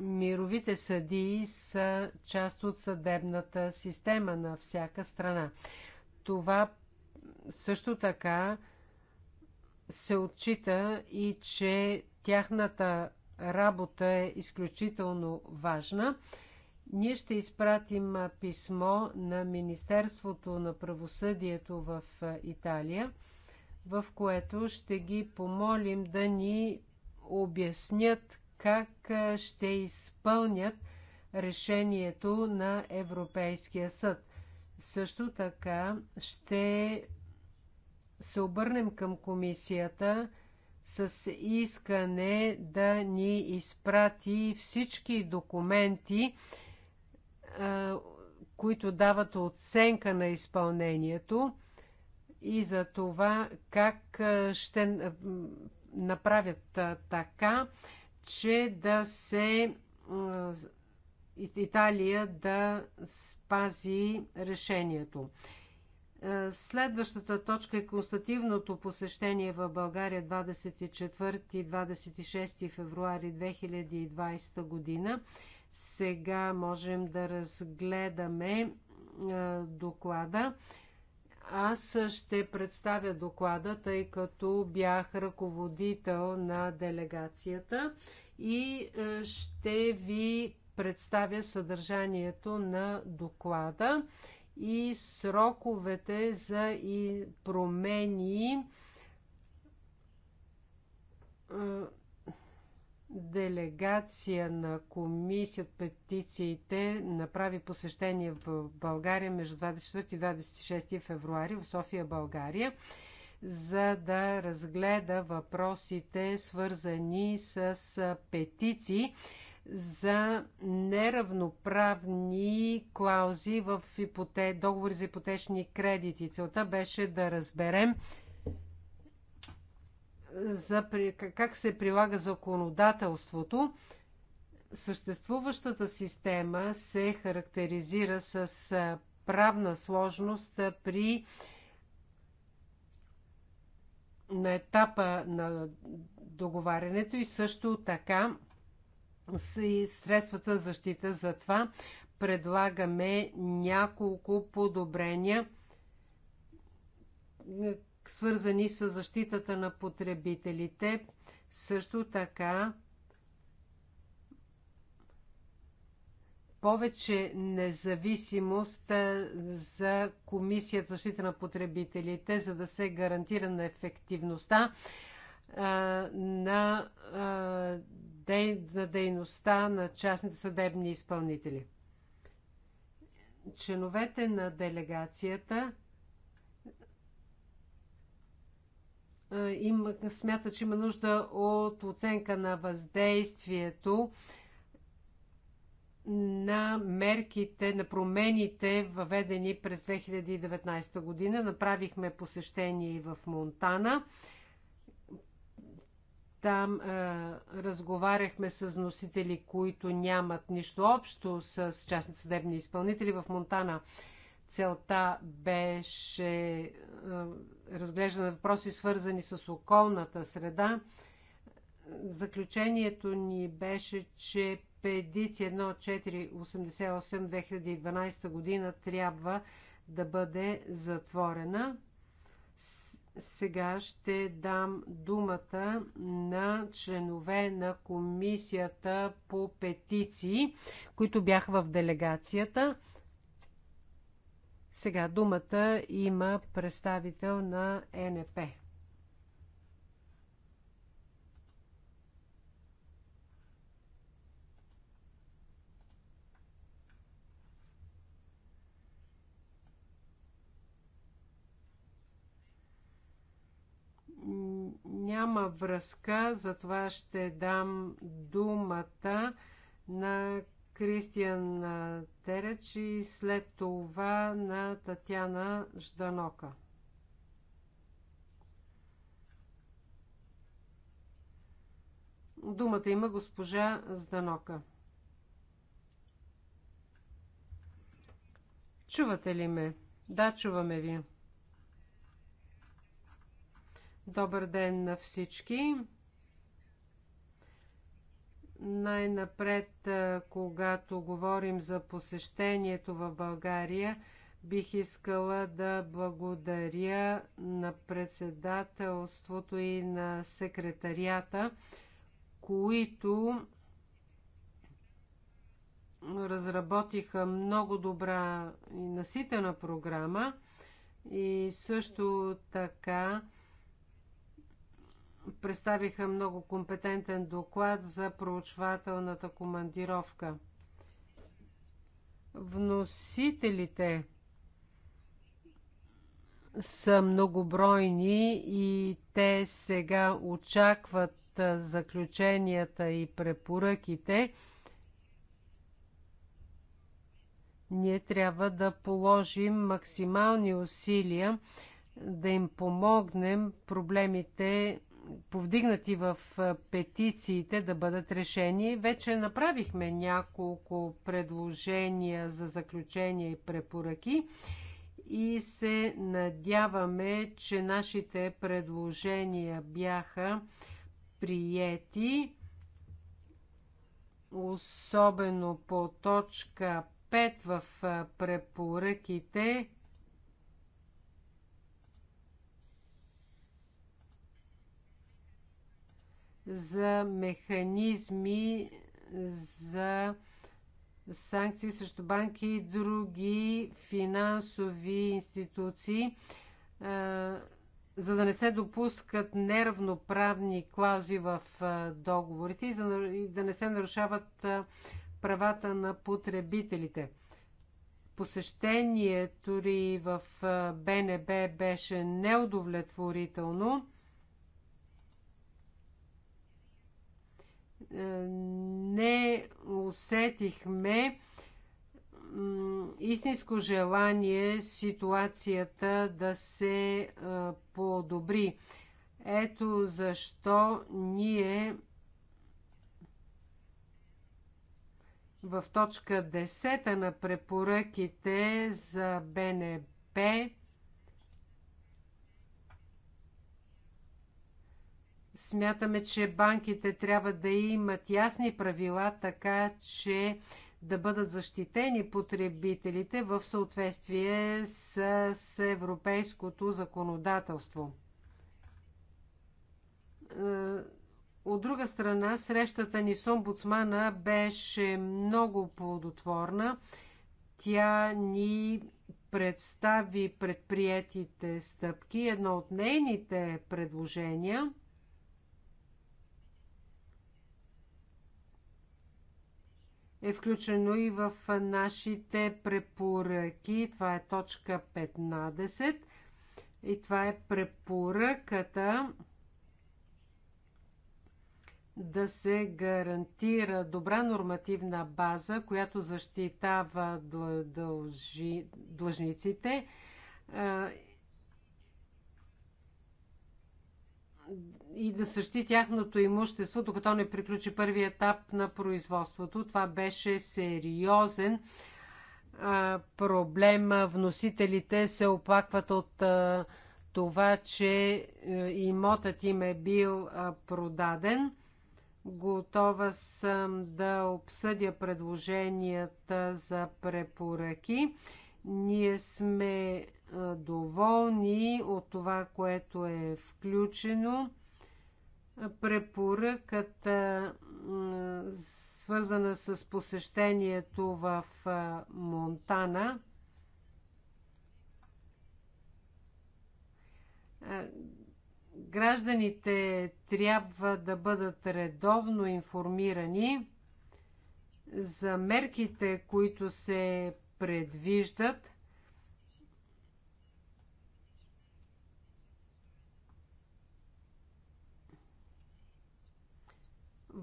Speaker 2: мировите съдии са част от съдебната система на всяка страна. Това също така се отчита и, че тяхната работа е изключително важна ние ще изпратим писмо на Министерството на правосъдието в Италия, в което ще ги помолим да ни обяснят как ще изпълнят решението на Европейския съд. Също така ще се обърнем към комисията с искане да ни изпрати всички документи които дават оценка на изпълнението и за това как ще направят така, че да се Италия да спази решението. Следващата точка е констативното посещение в България 24-26 февруари 2020 година. Сега можем да разгледаме доклада. Аз ще представя доклада, тъй като бях ръководител на делегацията и ще ви представя съдържанието на доклада и сроковете за и промени делегация на комисия от петициите направи посещение в България между 24 и 26 февруари в София, България, за да разгледа въпросите свързани с петиции за неравноправни клаузи в ипоте... договори за ипотечни кредити. Целта беше да разберем за как се прилага законодателството, съществуващата система се характеризира с правна сложност при на етапа на договарянето и също така и средствата за защита. Затова предлагаме няколко подобрения свързани с защитата на потребителите. Също така повече независимост за Комисията за защита на потребителите, за да се гарантира на ефективността на дейността на частните съдебни изпълнители. Членовете на делегацията Е, има, смята, че има нужда от оценка на въздействието на мерките, на промените, въведени през 2019 година. Направихме посещение в Монтана. Там е, разговаряхме с носители, които нямат нищо общо с частни съдебни изпълнители. В Монтана е, Целта беше е, разглеждане на въпроси, свързани с околната среда. Заключението ни беше, че петиция 1488-2012 година трябва да бъде затворена. Сега ще дам думата на членове на комисията по петиции, които бяха в делегацията. Сега думата има представител на НП. няма връзка, затова ще дам думата на Кристиан Тереч и след това на Татяна Жданока. Думата има госпожа Зданока. Чувате ли ме? Да, чуваме ви. Добър ден на всички! Най-напред, когато говорим за посещението в България, бих искала да благодаря на председателството и на секретарията, които разработиха много добра и наситена програма и също така представиха много компетентен доклад за проучвателната командировка. Вносителите са многобройни и те сега очакват заключенията и препоръките. Ние трябва да положим максимални усилия да им помогнем проблемите повдигнати в петициите да бъдат решени. Вече направихме няколко предложения за заключения и препоръки и се надяваме, че нашите предложения бяха приети, особено по точка 5 в препоръките за механизми за санкции срещу банки и други финансови институции, за да не се допускат неравноправни клази в договорите и да не се нарушават правата на потребителите. Посещението ри в БНБ беше неудовлетворително Е, не усетихме истинско желание ситуацията да се е, подобри. Ето защо ние в точка 10 на препоръките за БНП Смятаме, че банките трябва да имат ясни правила, така че да бъдат защитени потребителите в съответствие с, с европейското законодателство. Е, от друга страна, срещата ни с омбудсмана беше много плодотворна. Тя ни представи предприетите стъпки. Едно от нейните предложения е включено и в нашите препоръки. Това е точка 15 и това е препоръката да се гарантира добра нормативна база, която защитава дължи, длъжниците и да същи тяхното имущество, докато не приключи първи етап на производството. Това беше сериозен а, проблем. Вносителите се оплакват от а, това, че а, имотът им е бил а, продаден. Готова съм да обсъдя предложенията за препоръки. Ние сме доволни от това, което е включено препоръката, свързана с посещението в Монтана, гражданите трябва да бъдат редовно информирани за мерките, които се предвиждат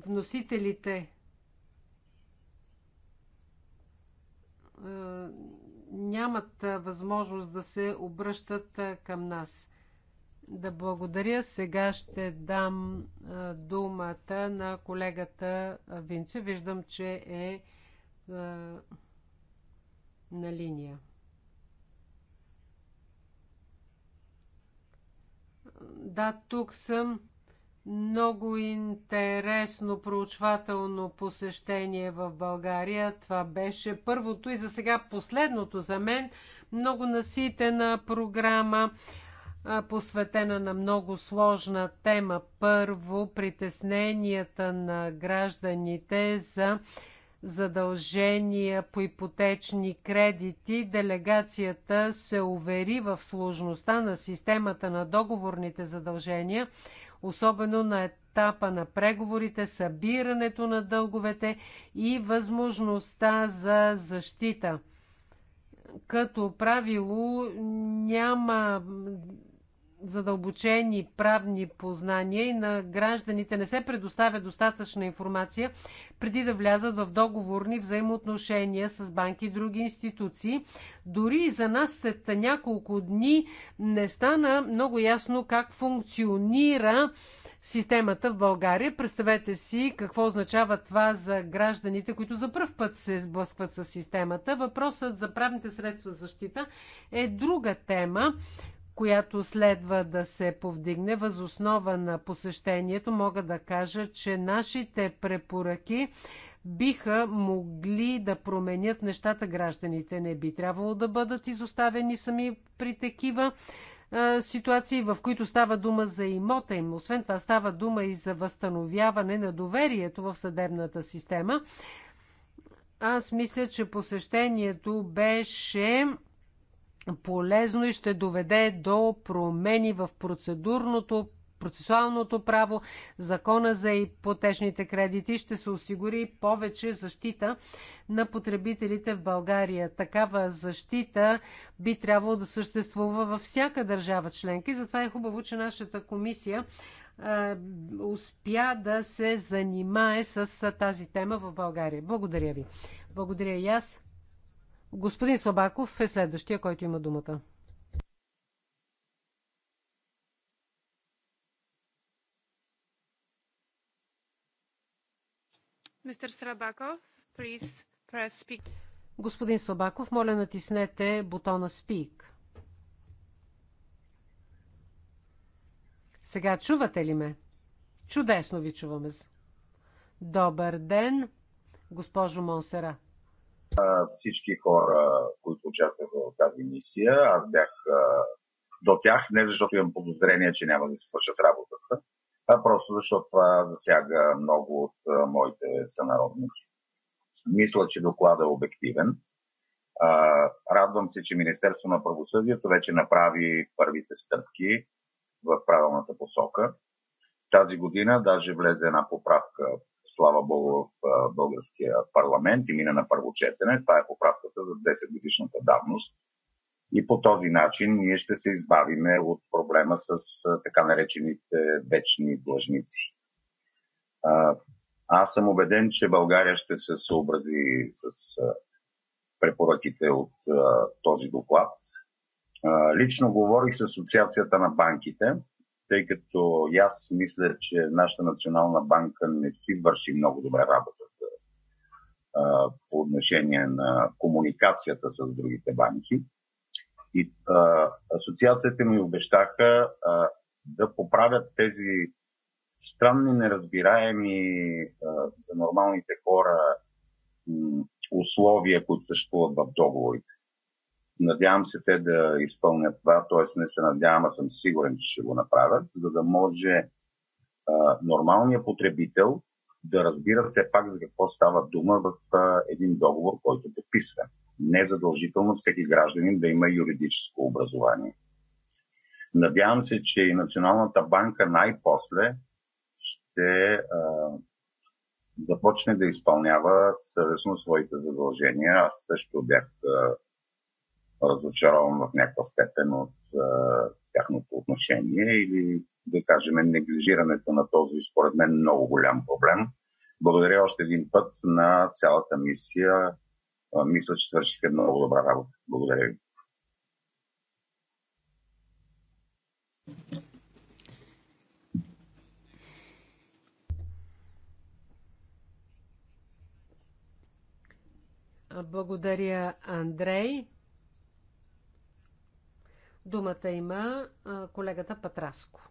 Speaker 2: вносителите е, нямат възможност да се обръщат към нас. Да благодаря. Сега ще дам думата на колегата Винце. Виждам, че е на линия. Да, тук съм. Много интересно проучвателно посещение в България. Това беше първото и за сега последното за мен. Много наситена програма посветена на много сложна тема. Първо, притесненията на гражданите за задължения по ипотечни кредити, делегацията се увери в сложността на системата на договорните задължения, особено на етапа на преговорите, събирането на дълговете и възможността за защита. Като правило няма задълбочени правни познания и на гражданите не се предоставя достатъчна информация преди да влязат в договорни взаимоотношения с банки и други институции. Дори и за нас след няколко дни не стана много ясно как функционира системата в България. Представете си какво означава това за гражданите, които за първ път се сблъскват с системата. Въпросът за правните средства за защита е друга тема която следва да се повдигне. въз основа на посещението мога да кажа, че нашите препоръки биха могли да променят нещата. Гражданите не би трябвало да бъдат изоставени сами при такива е, ситуации, в които става дума за имота им. Освен това става дума и за възстановяване на доверието в съдебната система. Аз мисля, че посещението беше полезно и ще доведе до промени в процедурното процесуалното право, закона за ипотечните кредити ще се осигури повече защита на потребителите в България. Такава защита би трябвало да съществува във всяка държава членка и затова е хубаво, че нашата комисия е, успя да се занимае с тази тема в България. Благодаря ви. Благодаря и аз. Господин Слабаков е следващия, който има думата.
Speaker 4: Мистер Слабаков, please press speak.
Speaker 2: Господин Слабаков, моля натиснете бутона Speak. Сега чувате ли ме? Чудесно ви чуваме. Добър ден, госпожо Монсера
Speaker 7: всички хора, които участваха в тази мисия. Аз бях до тях, не защото имам подозрение, че няма да се свършат работата, а просто защото това засяга много от моите сънародници. Мисля, че докладът е обективен. Радвам се, че Министерство на правосъдието вече направи първите стъпки в правилната посока. Тази година даже влезе една поправка слава Богу, в българския парламент и мина на първо четене. Това е поправката за 10 годишната давност. И по този начин ние ще се избавиме от проблема с така наречените вечни длъжници. Аз съм убеден, че България ще се съобрази с препоръките от този доклад. Лично говорих с Асоциацията на банките – тъй като и аз мисля, че нашата национална банка не си върши много добре работата а, по отношение на комуникацията с другите банки. И а, асоциацията ми обещаха а, да поправят тези странни, неразбираеми а, за нормалните хора м- условия, които съществуват в договорите. Надявам се те да изпълнят това, т.е. не се надявам, а съм сигурен, че ще го направят, за да може а, нормалният потребител да разбира все пак за какво става дума в а, един договор, който подписва. Не задължително всеки гражданин да има юридическо образование. Надявам се, че и Националната банка най-после ще а, започне да изпълнява съвестно своите задължения. Аз също бях а, разочарован в някаква степен от а, тяхното отношение или, да кажем, неглижирането на този, според мен, много голям проблем. Благодаря още един път на цялата мисия. А, мисля, че свършиха много добра работа. Благодаря ви.
Speaker 2: Благодаря, Андрей. Думата има колегата Патраско.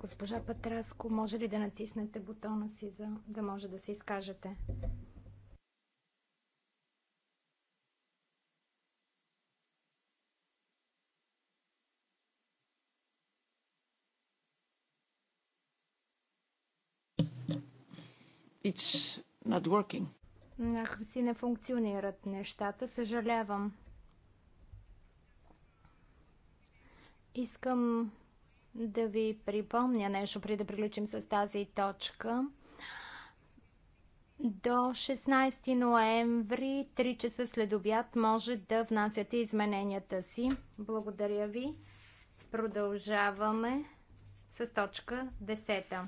Speaker 3: Госпожа Патраско, може ли да натиснете бутона си, за да може да се изкажете?
Speaker 1: It's not working.
Speaker 3: Някакси не функционират нещата. Съжалявам. Искам да ви припомня нещо, преди да приключим с тази точка. До 16 ноември, 3 часа след обяд, може да внасяте измененията си. Благодаря ви. Продължаваме с точка 10.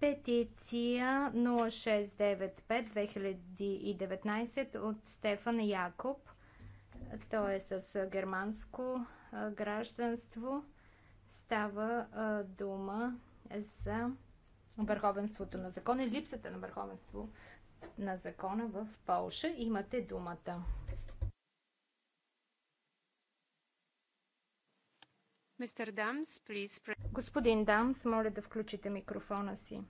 Speaker 3: Петиция 0695-2019 от Стефан Якоб. Той е с германско гражданство. Става дума за върховенството на закона и липсата на върховенство на закона в Полша. Имате думата. Дамс, Господин Дамс, моля да включите микрофона си.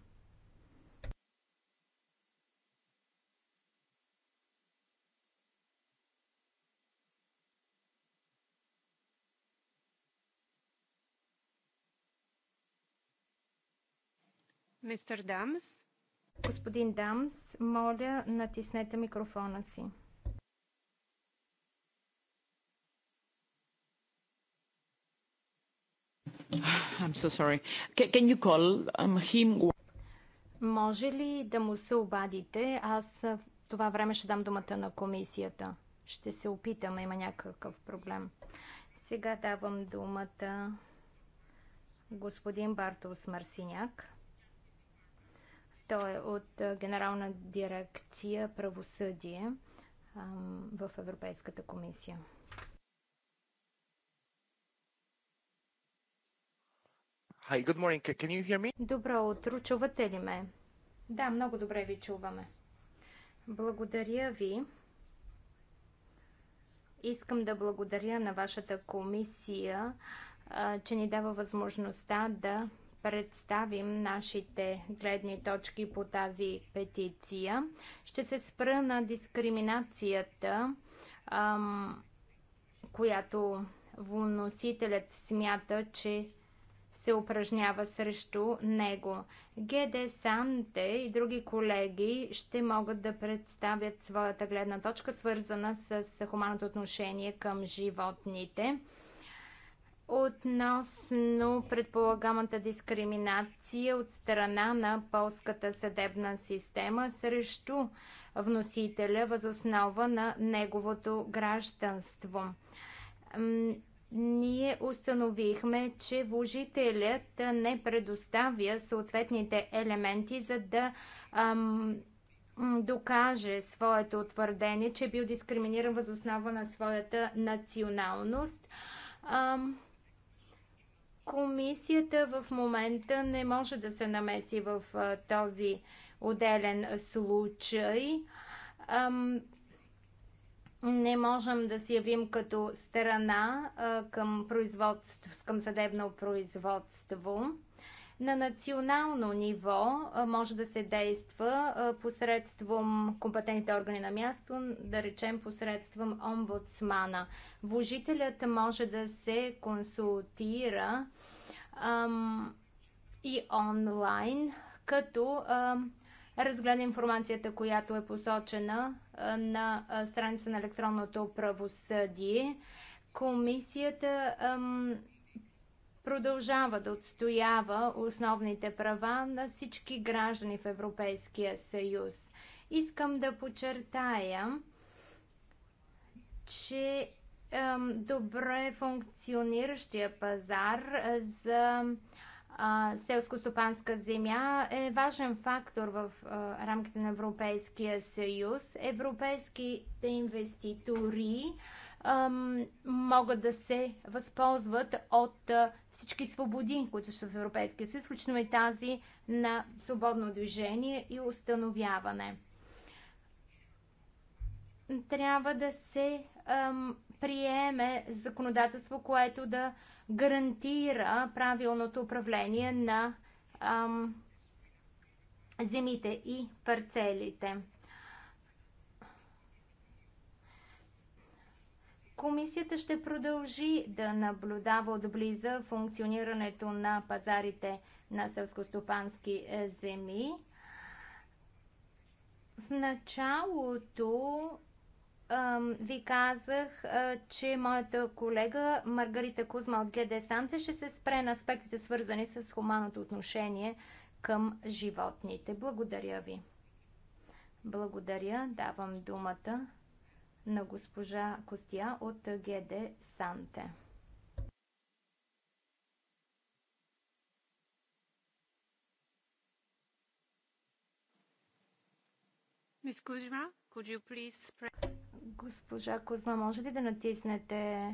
Speaker 3: Мистер Дамс? Господин Дамс, моля натиснете микрофона си.
Speaker 1: I'm so sorry. Can you call um, him?
Speaker 3: Може ли да му се обадите? Аз в това време ще дам думата на комисията. Ще се опитам, има някакъв проблем. Сега давам думата господин Бартос Марсиняк. Той е от Генерална дирекция правосъдие в Европейската комисия. Hi, good morning. Can you hear me? Добро утро. Чувате ли ме? Да, много добре ви чуваме. Благодаря ви. Искам да благодаря на вашата комисия, че ни дава възможността да представим нашите гледни точки по тази петиция. Ще се спра на дискриминацията, която вносителят смята, че се упражнява срещу него. ГД Санте и други колеги ще могат да представят своята гледна точка, свързана с хуманното отношение към животните. Относно предполагамата дискриминация от страна на полската съдебна система срещу вносителя възоснова на неговото гражданство ние установихме, че вложителят не предоставя съответните елементи, за да ам, докаже своето твърдение, че е бил дискриминиран въз основа на своята националност. Ам, комисията в момента не може да се намеси в а, този отделен случай. Ам, не можем да се явим като страна а, към, производство, към съдебно производство. На национално ниво а, може да се действа а, посредством компетентните органи на място, да речем посредством омбудсмана. Вложителят може да се консултира ам, и онлайн, като ам, разгледа информацията, която е посочена на страница на електронното правосъдие. Комисията ам, продължава да отстоява основните права на всички граждани в Европейския съюз. Искам да подчертая, че ем, добре функциониращия пазар за селско-стопанска земя е важен фактор в а, рамките на Европейския съюз. Европейските инвеститори ам, могат да се възползват от а, всички свободи, които са в Европейския съюз, включително и тази на свободно движение и установяване. Трябва да се ам, приеме законодателство, което да гарантира правилното управление на ам, земите и парцелите. Комисията ще продължи да наблюдава отблиза функционирането на пазарите на селскостопански е, земи. В началото ви казах, че моята колега Маргарита Кузма от ГД Санте ще се спре на аспектите свързани с хуманното отношение към животните. Благодаря ви. Благодаря. Давам думата на госпожа Костя от ГД Санте.
Speaker 4: Мис Кузма, could you please...
Speaker 3: Госпожа Козма, може ли да натиснете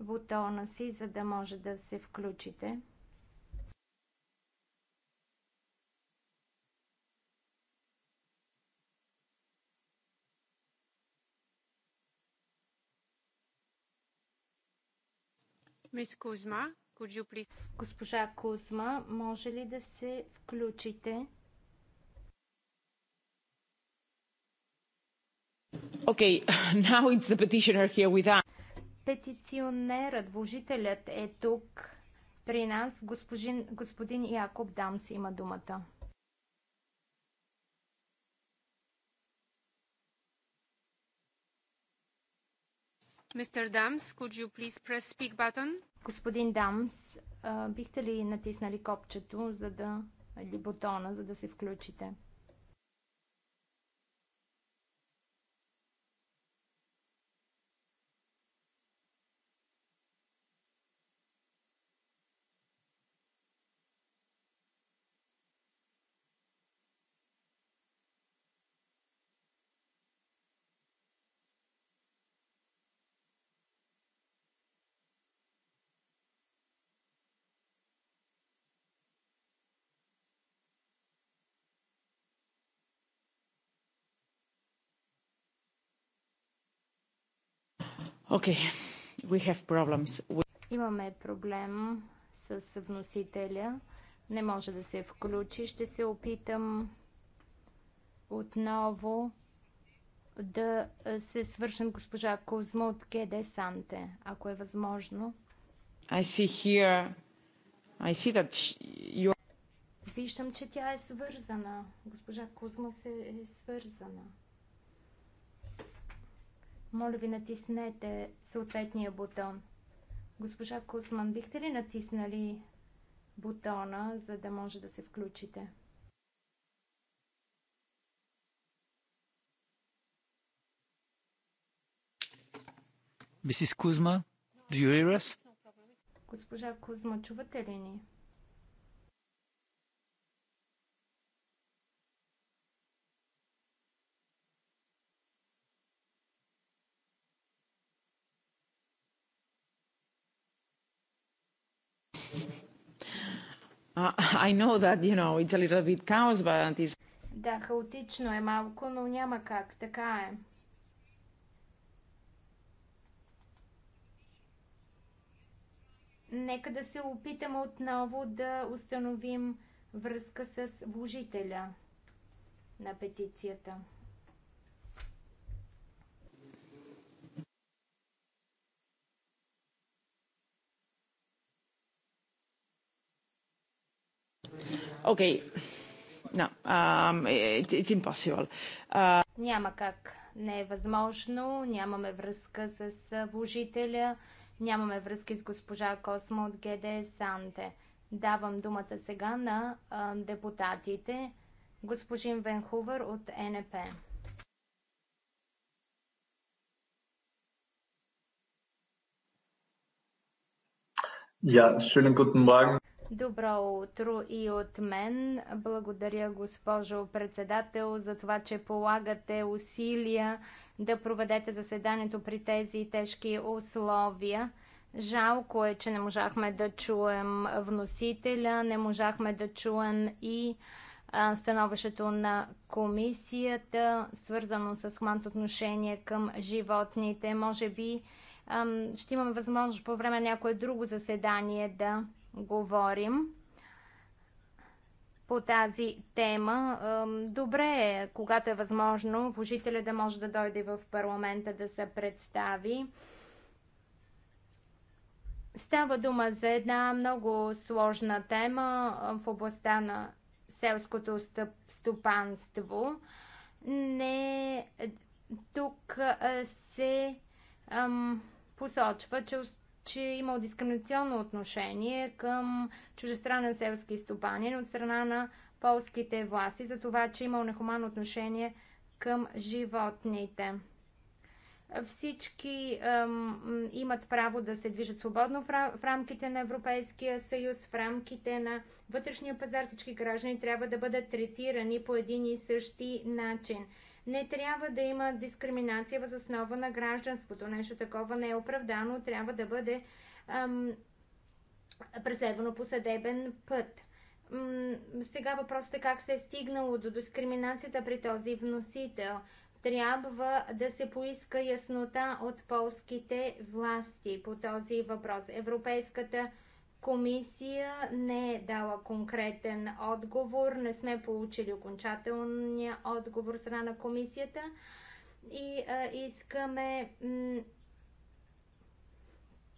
Speaker 3: бутона си, за да може да се включите? Мис Кузма, Госпожа Кузма, може ли да се включите?
Speaker 1: Okay, now it's the petitioner here with us.
Speaker 3: Петиционерът, вложителят е тук при нас. господин Якоб Дамс има думата.
Speaker 4: Mr. Dams, could you please press speak button?
Speaker 3: Господин Дамс, бихте ли натиснали копчето, за да, или бутона, за да се включите?
Speaker 1: Okay. We have problems. We...
Speaker 3: Имаме проблем с вносителя. Не може да се включи. Ще се опитам отново да се свършим госпожа Кузма от ГД Санте, ако е възможно.
Speaker 1: I see here... I see that you...
Speaker 3: Виждам, че тя е свързана. Госпожа Кузма се е свързана. Моля ви, натиснете съответния бутон. Госпожа Кусман, бихте ли натиснали бутона, за да може да се включите?
Speaker 4: Mrs. Kuzma, do you hear us?
Speaker 3: Госпожа Кузма, чувате ли ни?
Speaker 1: I know that, you know, it's a little bit chaos, but it's...
Speaker 3: Да, хаотично е малко, но няма как. Така е. Нека да се опитаме отново да установим връзка с вложителя на петицията.
Speaker 1: Okay. No, um, it's impossible. Uh,
Speaker 3: Няма как. Не е възможно. Нямаме връзка с вложителя. Нямаме връзки с госпожа Космо от ГД Санте. Давам думата сега на депутатите. Госпожин Венхувър от НП.
Speaker 6: Ja, schönen guten Morgen.
Speaker 3: Добро утро и от мен. Благодаря, госпожо председател, за това, че полагате усилия да проведете заседанието при тези тежки условия. Жалко е, че не можахме да чуем вносителя, не можахме да чуем и становището на комисията, свързано с хуманното отношение към животните. Може би ще имаме възможност по време на някое друго заседание да говорим по тази тема. Добре е, когато е възможно, вложителя да може да дойде в парламента да се представи. Става дума за една много сложна тема в областта на селското стопанство. Не, тук се ам, посочва, че че е имал дискриминационно отношение към чужестранен селски стопанин от страна на полските власти за това, че е имал нехуманно отношение към животните. Всички ем, имат право да се движат свободно в, в рамките на Европейския съюз, в рамките на вътрешния пазар. Всички граждани трябва да бъдат третирани по един и същи начин. Не трябва да има дискриминация въз основа на гражданството. Нещо такова не е оправдано, трябва да бъде ам, преследвано по съдебен път. М сега въпросът е как се е стигнало до дискриминацията при този вносител трябва да се поиска яснота от полските власти по този въпрос. Европейската комисия не е дала конкретен отговор, не сме получили окончателния отговор страна на комисията и а, искаме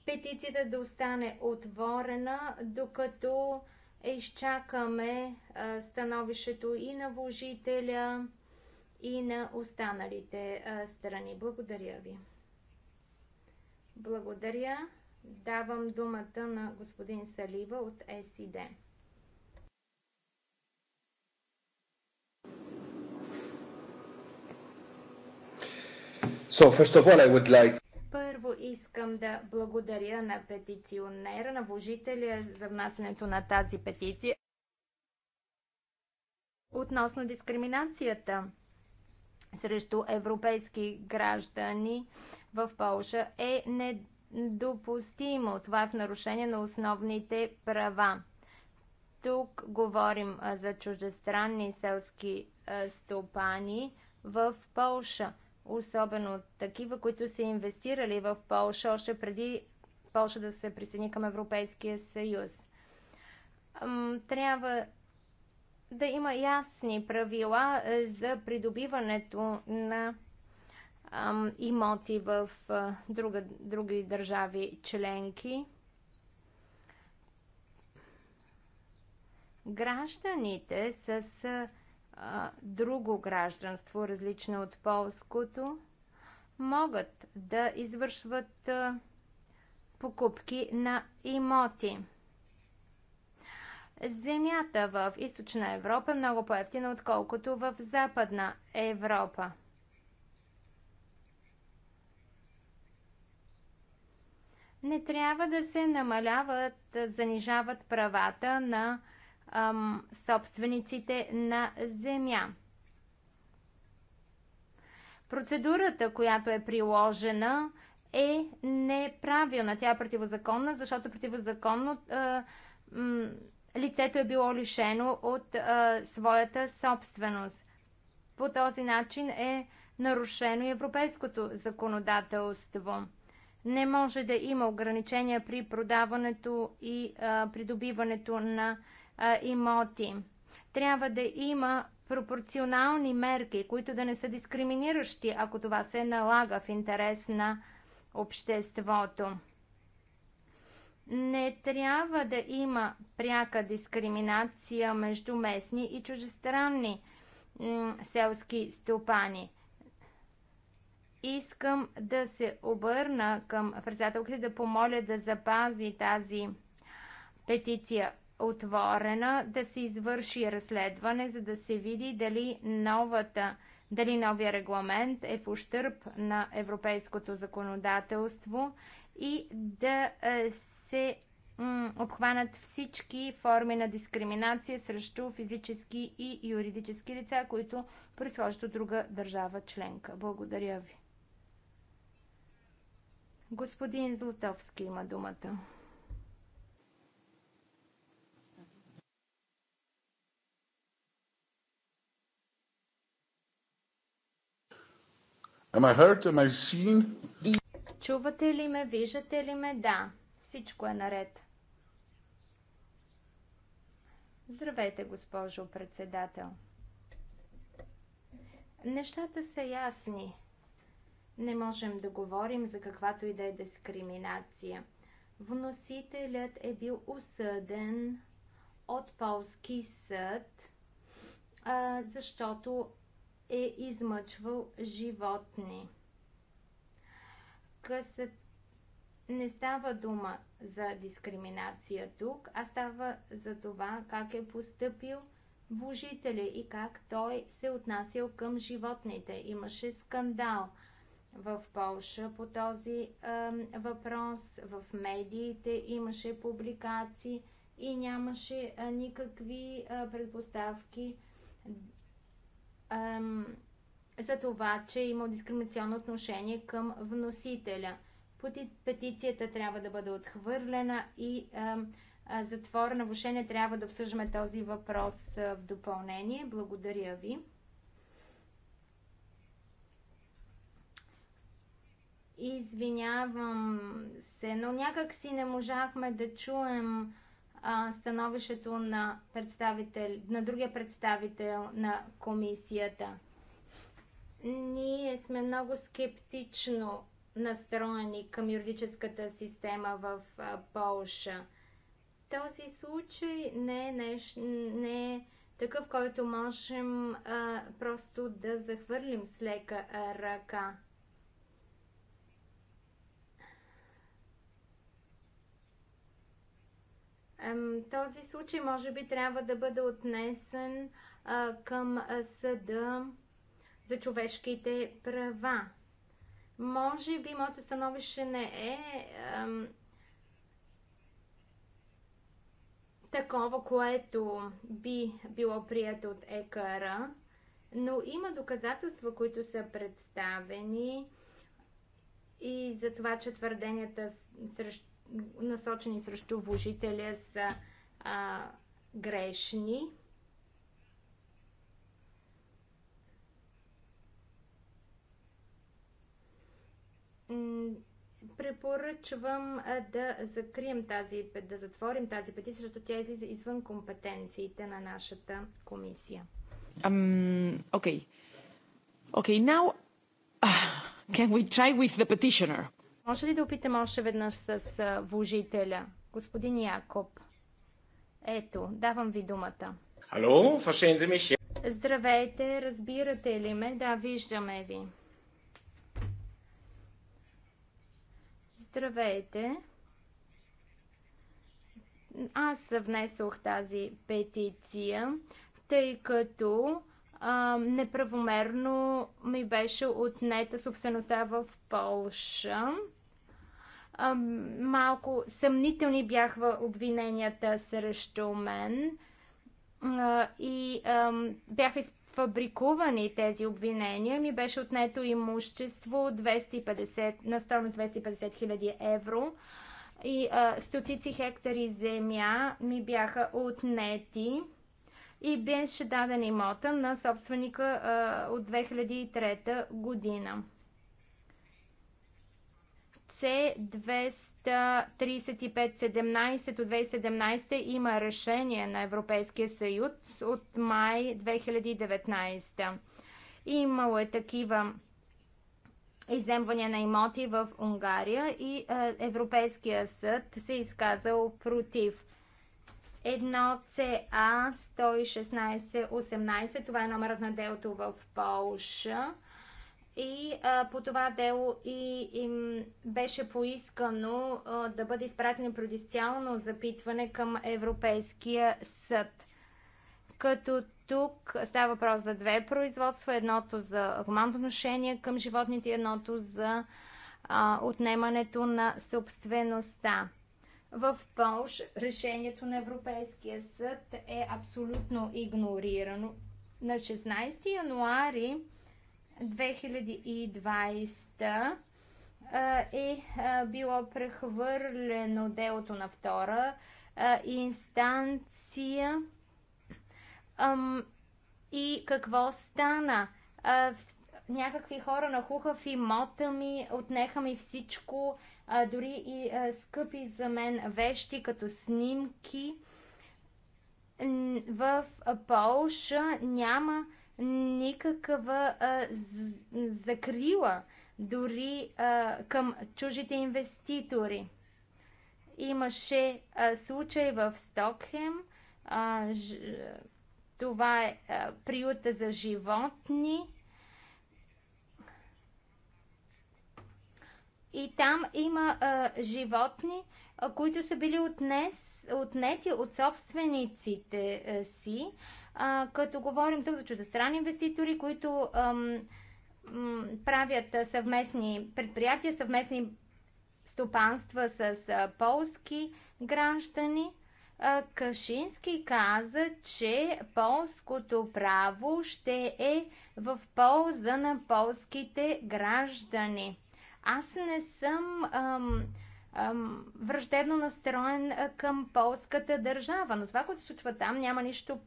Speaker 3: петицията да остане отворена, докато изчакаме а, становището и на вложителя, и на останалите а, страни. Благодаря ви. Благодаря. Давам думата на господин Салива от СИД.
Speaker 6: So, first of all, I would like...
Speaker 3: Първо искам да благодаря на петиционера, на вложителя за внасянето на тази петиция относно дискриминацията срещу европейски граждани в Полша е не допустимо. Това е в нарушение на основните права. Тук говорим за чуждестранни селски стопани в Полша, особено такива, които са инвестирали в Полша още преди Полша да се присъедини към Европейския съюз. Трябва да има ясни правила за придобиването на имоти в друга, други държави членки. Гражданите с а, друго гражданство, различно от полското, могат да извършват а, покупки на имоти. Земята в източна Европа е много по-ефтина, отколкото в западна Европа. Не трябва да се намаляват, занижават правата на ам, собствениците на земя. Процедурата, която е приложена, е неправилна. Тя е противозаконна, защото противозаконно а, м, лицето е било лишено от а, своята собственост. По този начин е нарушено европейското законодателство. Не може да има ограничения при продаването и а, придобиването на а, имоти. Трябва да има пропорционални мерки, които да не са дискриминиращи, ако това се налага в интерес на обществото. Не трябва да има пряка дискриминация между местни и чужестранни селски стопани. Искам да се обърна към председателките да помоля да запази тази петиция отворена, да се извърши разследване, за да се види дали новата дали новия регламент е в ущърп на европейското законодателство и да е, се обхванат всички форми на дискриминация срещу физически и юридически лица, които произхождат от друга държава членка. Благодаря ви. Господин Златовски има думата.
Speaker 2: Am I heard? Am I seen?
Speaker 3: Чувате ли ме? Виждате ли ме? Да. Всичко е наред. Здравейте, госпожо председател. Нещата са ясни не можем да говорим за каквато и да е дискриминация. Вносителят е бил осъден от полски съд, а, защото е измъчвал животни. Късът не става дума за дискриминация тук, а става за това как е поступил вложителя и как той се отнасял към животните. Имаше скандал – в Полша по този въпрос. В медиите имаше публикации и нямаше никакви предпоставки за това, че има дискриминационно отношение към вносителя. Петицията трябва да бъде отхвърлена и а, а, затвора на трябва да обсъждаме този въпрос в допълнение. Благодаря ви. Извинявам се, но някак си не можахме да чуем а, становището на, представител, на другия представител на комисията. Ние сме много скептично настроени към юридическата система в а, Полша. Този случай не е, неш... не е такъв, който можем а, просто да захвърлим с лека ръка. Този случай може би трябва да бъде отнесен към съда за човешките права. Може би моето становище не е такова, което би било прието от ЕКР, но има доказателства, които са представени и за това, че твърденията срещу насочени срещу вложителя са а, грешни. Препоръчвам да закрием тази, да затворим тази петиция, защото тя излиза извън компетенциите на нашата комисия.
Speaker 1: Um, okay. Okay, now uh, can we try with the petitioner?
Speaker 3: Може ли да опитам още веднъж с вложителя? Господин Якоб. Ето, давам ви думата.
Speaker 6: Ало, фашен за
Speaker 3: Здравейте, разбирате ли ме? Да, виждаме ви. Здравейте. Аз внесох тази петиция, тъй като а, неправомерно ми беше отнета собствеността в Полша. Малко съмнителни бяха обвиненията срещу мен и бяха фабрикувани тези обвинения. Ми беше отнето имущество 250, на стойност 250 хиляди евро и стотици хектари земя ми бяха отнети и беше даден имота на собственика а, от 2003 година. C235-17 от 2017 има решение на Европейския съюз от май 2019. Имало е такива иземвания на имоти в Унгария и Европейския съд се е изказал против. 1CA 116-18, това е номерът на делото в Полша. И а, по това дело и им беше поискано а, да бъде изпратено предисциално запитване към Европейския съд. Като тук става въпрос за две производства. Едното за хуманно отношение към животните, едното за а, отнемането на собствеността. В Полш решението на Европейския съд е абсолютно игнорирано. На 16 януари 2020 е било прехвърлено делото на втора инстанция. И какво стана? Някакви хора нахуха в имота ми, отнеха ми всичко, дори и скъпи за мен вещи, като снимки. В Полша няма никаква а, закрила дори а, към чужите инвеститори. Имаше а, случай в Стокхем. А, ж, това е а, приюта за животни. И там има а, животни, а, които са били отнес, отнети от собствениците а, си. А, а, като говорим тук за чуждестранни инвеститори, които ам, м, правят съвместни предприятия, съвместни стопанства с а, полски граждани. А, Кашински каза, че полското право ще е в полза на полските граждани. Аз не съм ам, ам, враждебно настроен към полската държава, но това, което се случва там, няма нищо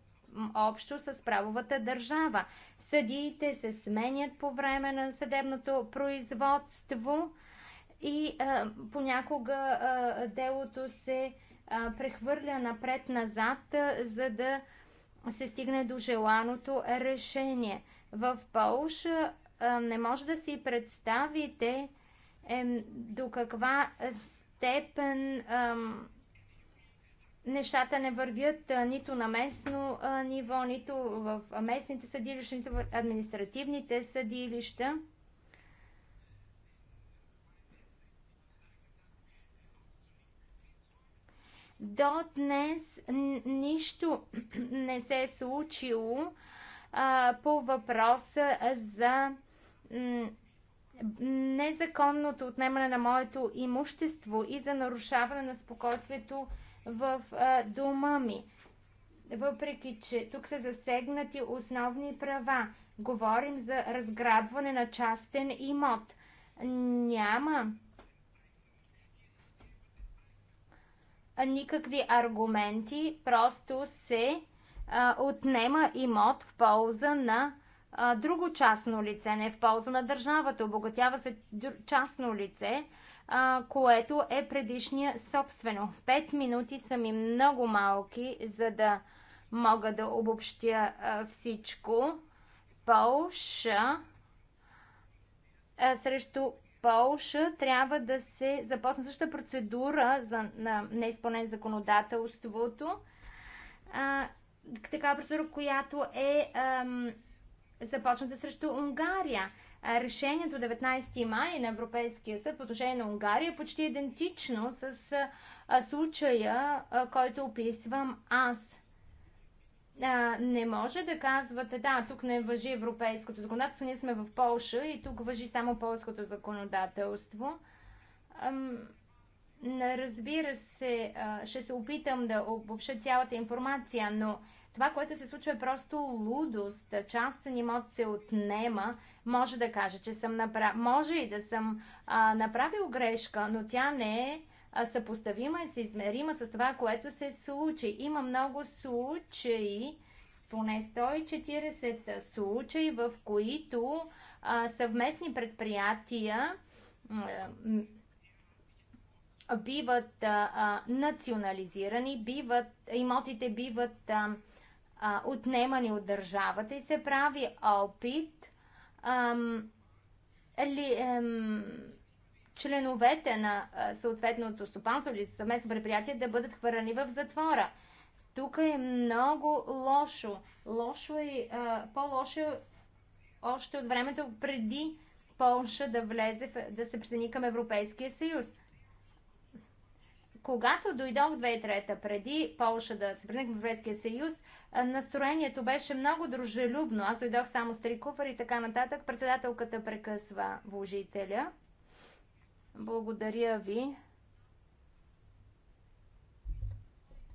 Speaker 3: общо с правовата държава. Съдиите се сменят по време на съдебното производство и а, понякога а, делото се а, прехвърля напред-назад, за да се стигне до желаното решение. В Полша не може да си представите е, до каква степен А, нещата не вървят нито на местно ниво, нито в местните съдилища, нито в административните съдилища. До днес нищо не се е случило а, по въпроса за незаконното отнемане на моето имущество и за нарушаване на спокойствието в а, дома ми. Въпреки, че тук са засегнати основни права, говорим за разграбване на частен имот. Няма никакви аргументи, просто се а, отнема имот в полза на а, друго частно лице, не в полза на държавата. Обогатява се частно лице, а, което е предишния собствено. Пет минути са ми много малки, за да мога да обобщя а, всичко. Полша а, срещу Полша трябва да се започне същата процедура за на неизпълнение законодателството. А, такава процедура, която е ам, започната срещу Унгария решението 19 май на Европейския съд по отношение на Унгария е почти идентично с случая, който описвам аз. Не може да казвате, да, тук не въжи европейското законодателство, ние сме в Полша и тук въжи само полското законодателство. Разбира се, ще се опитам да обобща цялата информация, но това, което се случва е просто лудост. Частен имот се отнема. Може да каже, че съм направ... може и да съм а, направил грешка, но тя не е съпоставима и се измерима с това, което се случи. Има много случаи, поне 140 случаи, в които а, съвместни предприятия а, биват а, национализирани, биват, имотите биват а, а, отнемани от държавата и се прави опит ам, ли, ам, членовете на съответното стопанство или съвместно предприятие да бъдат хвърлени в затвора. Тук е много лошо. Лошо е, по-лошо е още от времето преди Полша да влезе, в, да се присъедини към Европейския съюз. Когато дойдох 2003-та, преди Полша да се присъедини към Европейския съюз, Настроението беше много дружелюбно. Аз дойдох само с три куфари и така нататък. Председателката прекъсва вложителя. Благодаря ви.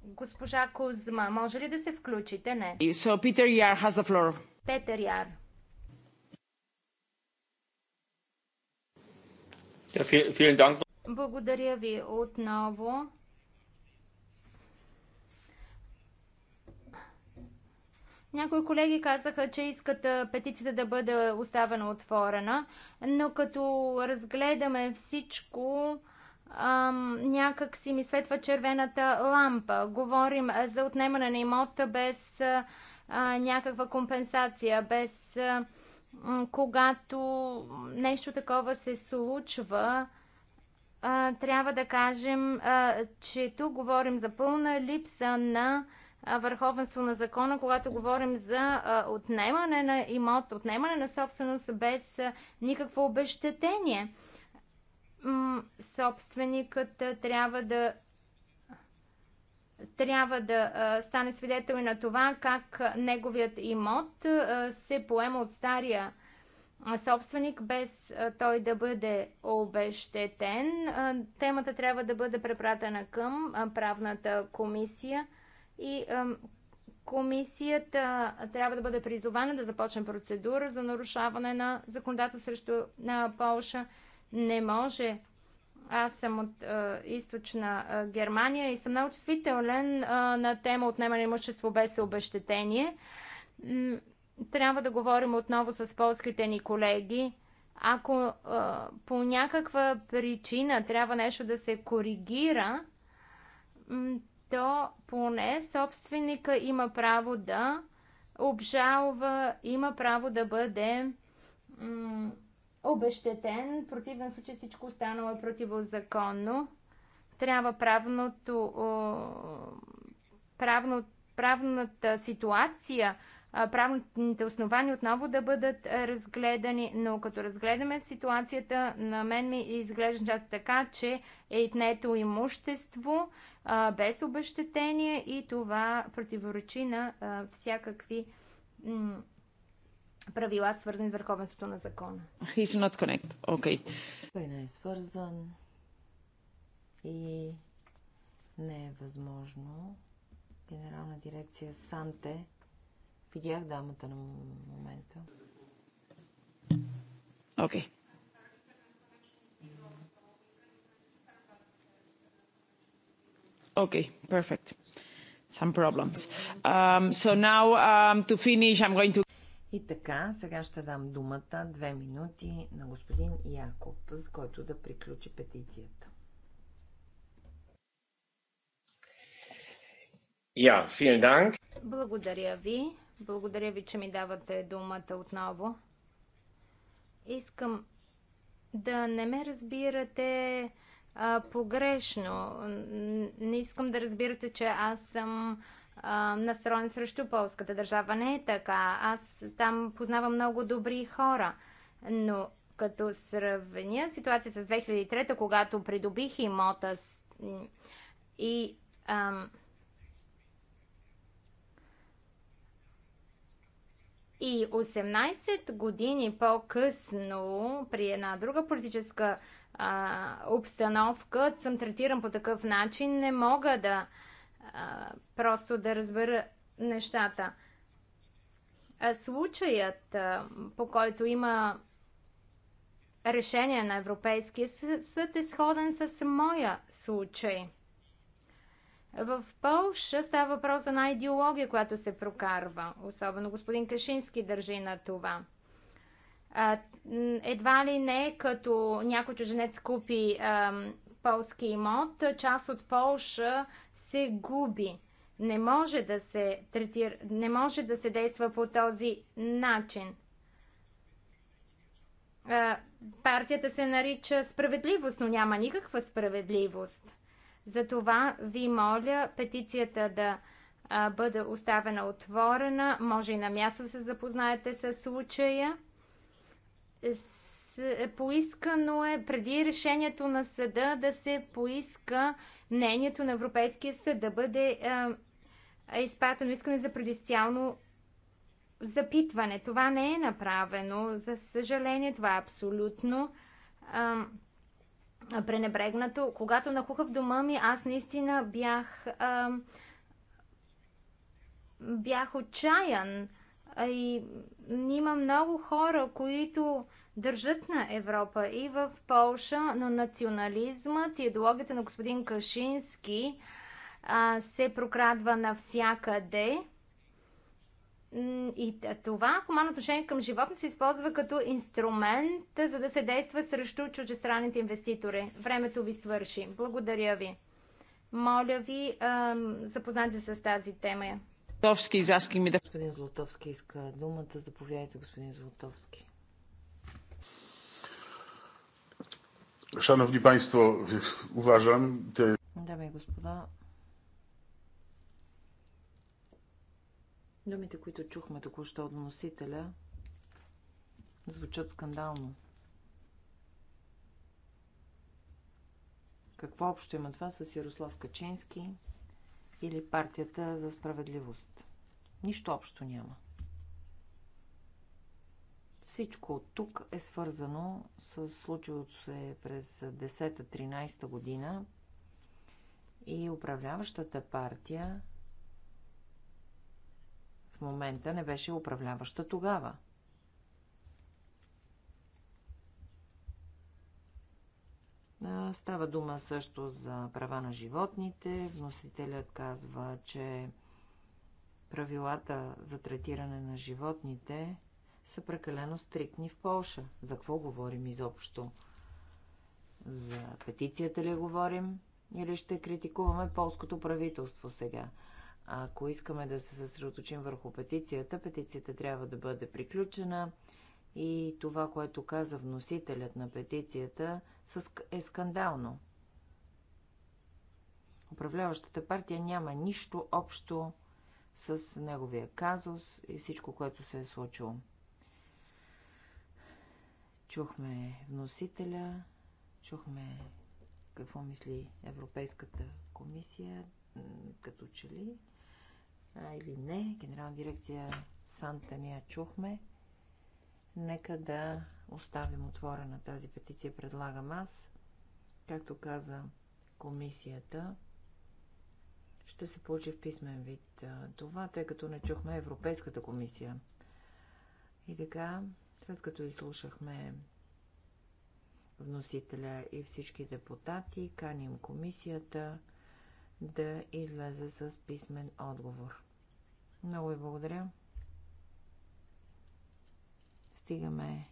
Speaker 3: Госпожа Кузма, може ли да се включите? Не.
Speaker 1: So, Peter Yar has the floor.
Speaker 3: Петър Яр. Благодаря ви отново. Някои колеги казаха, че искат петицията да бъде оставена отворена, но като разгледаме всичко, ам, някак си ми светва червената лампа. Говорим за отнемане на имота без а, някаква компенсация, без а, когато нещо такова се случва, а, трябва да кажем, а, че тук говорим за пълна липса на а, върховенство на закона, когато говорим за отнемане на имот, отнемане на собственост без никакво обещетение. Собственикът трябва да трябва да стане свидетел и на това как неговият имот се поема от стария собственик, без той да бъде обещетен. Темата трябва да бъде препратена към правната комисия и комисията трябва да бъде призована да започне процедура за нарушаване на законодателство срещу на Полша. Не може. Аз съм от е, източна е, Германия и съм много чувствителен е, на тема отнемане имущество без обещетение. Трябва да говорим отново с полските ни колеги. Ако е, по някаква причина трябва нещо да се коригира, то поне собственика има право да обжалва, има право да бъде обещетен. В противен случай всичко останало е противозаконно. Трябва правното, правно, правната ситуация правните основания отново да бъдат разгледани, но като разгледаме ситуацията, на мен ми изглежда така, че е отнето имущество без обещетение и това противоречи на всякакви правила, свързани с върховенството на закона.
Speaker 1: He's not connect. Okay. Той не
Speaker 5: е свързан и не е възможно. Генерална дирекция Санте Видях дамата на момента.
Speaker 1: Окей. Okay. Okay, perfect. Some problems. Um, so now um, to finish, I'm going to...
Speaker 5: И така, сега ще дам думата две минути на господин Якоб, с който да приключи петицията.
Speaker 7: Ja, yeah,
Speaker 2: vielen
Speaker 3: Благодаря ви. Благодаря ви, че ми давате думата отново. Искам да не ме разбирате а, погрешно. Не искам да разбирате, че аз съм а, настроен срещу полската държава. Не е така. Аз там познавам много добри хора. Но като сравня ситуацията с 2003, когато придобих имота с, и ам, И 18 години по-късно, при една друга политическа а, обстановка, съм третиран по такъв начин, не мога да а, просто да разбера нещата. А случаят, а, по който има решение на Европейския съд, е сходен с моя случай – в Полша става въпрос за една идеология, която се прокарва. Особено господин Кашински държи на това. Едва ли не, като някой чуженец купи а, полски имот, част от Полша се губи. Не може да се, третир... не може да се действа по този начин. А, партията се нарича справедливост, но няма никаква справедливост затова ви моля петицията да а, бъде оставена отворена. Може и на място да се запознаете с случая. С, е, поискано е преди решението на съда да се поиска мнението на Европейския съд да бъде е, изпратено искане за предистиално запитване. Това не е направено. За съжаление, това е абсолютно. Е, пренебрегнато. Когато нахуха в дома ми, аз наистина бях, а, бях отчаян. А, и има много хора, които държат на Европа и в Полша, но национализмът и идеологията на господин Кашински а, се прокрадва навсякъде. И това хуманно отношение към животни се използва като инструмент, за да се действа срещу чужестранните инвеститори. Времето ви свърши. Благодаря ви. Моля ви, запознайте се с тази тема.
Speaker 5: Златовски, изаски ми да... Господин Златовски иска думата. Заповядайте, господин Златовски.
Speaker 2: панство, уважам те.
Speaker 5: Дами и господа, Думите, които чухме току-що от носителя, звучат скандално. Какво общо има това с Ярослав Качински или партията за справедливост? Нищо общо няма. Всичко от тук е свързано с случилото се през 10-13 година и управляващата партия момента не беше управляваща тогава. Става дума също за права на животните. Вносителят казва, че правилата за третиране на животните са прекалено стриктни в Полша. За какво говорим изобщо? За петицията ли говорим? Или ще критикуваме полското правителство сега? Ако искаме да се съсредоточим върху петицията, петицията трябва да бъде приключена и това, което каза вносителят на петицията, е скандално. Управляващата партия няма нищо общо с неговия казус и всичко, което се е случило. Чухме вносителя, чухме какво мисли Европейската комисия, като че ли а, или не. Генерална дирекция Санта ни я чухме. Нека да оставим отворена тази петиция, предлагам аз. Както каза комисията, ще се получи в писмен вид това, тъй като не чухме Европейската комисия. И така, след като изслушахме вносителя и всички депутати, каним комисията да излезе с писмен отговор. Много ви благодаря. Стигаме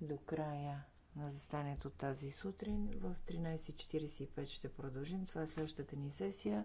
Speaker 5: до края на застанието тази сутрин. В 13.45 ще продължим. Това е следващата ни сесия.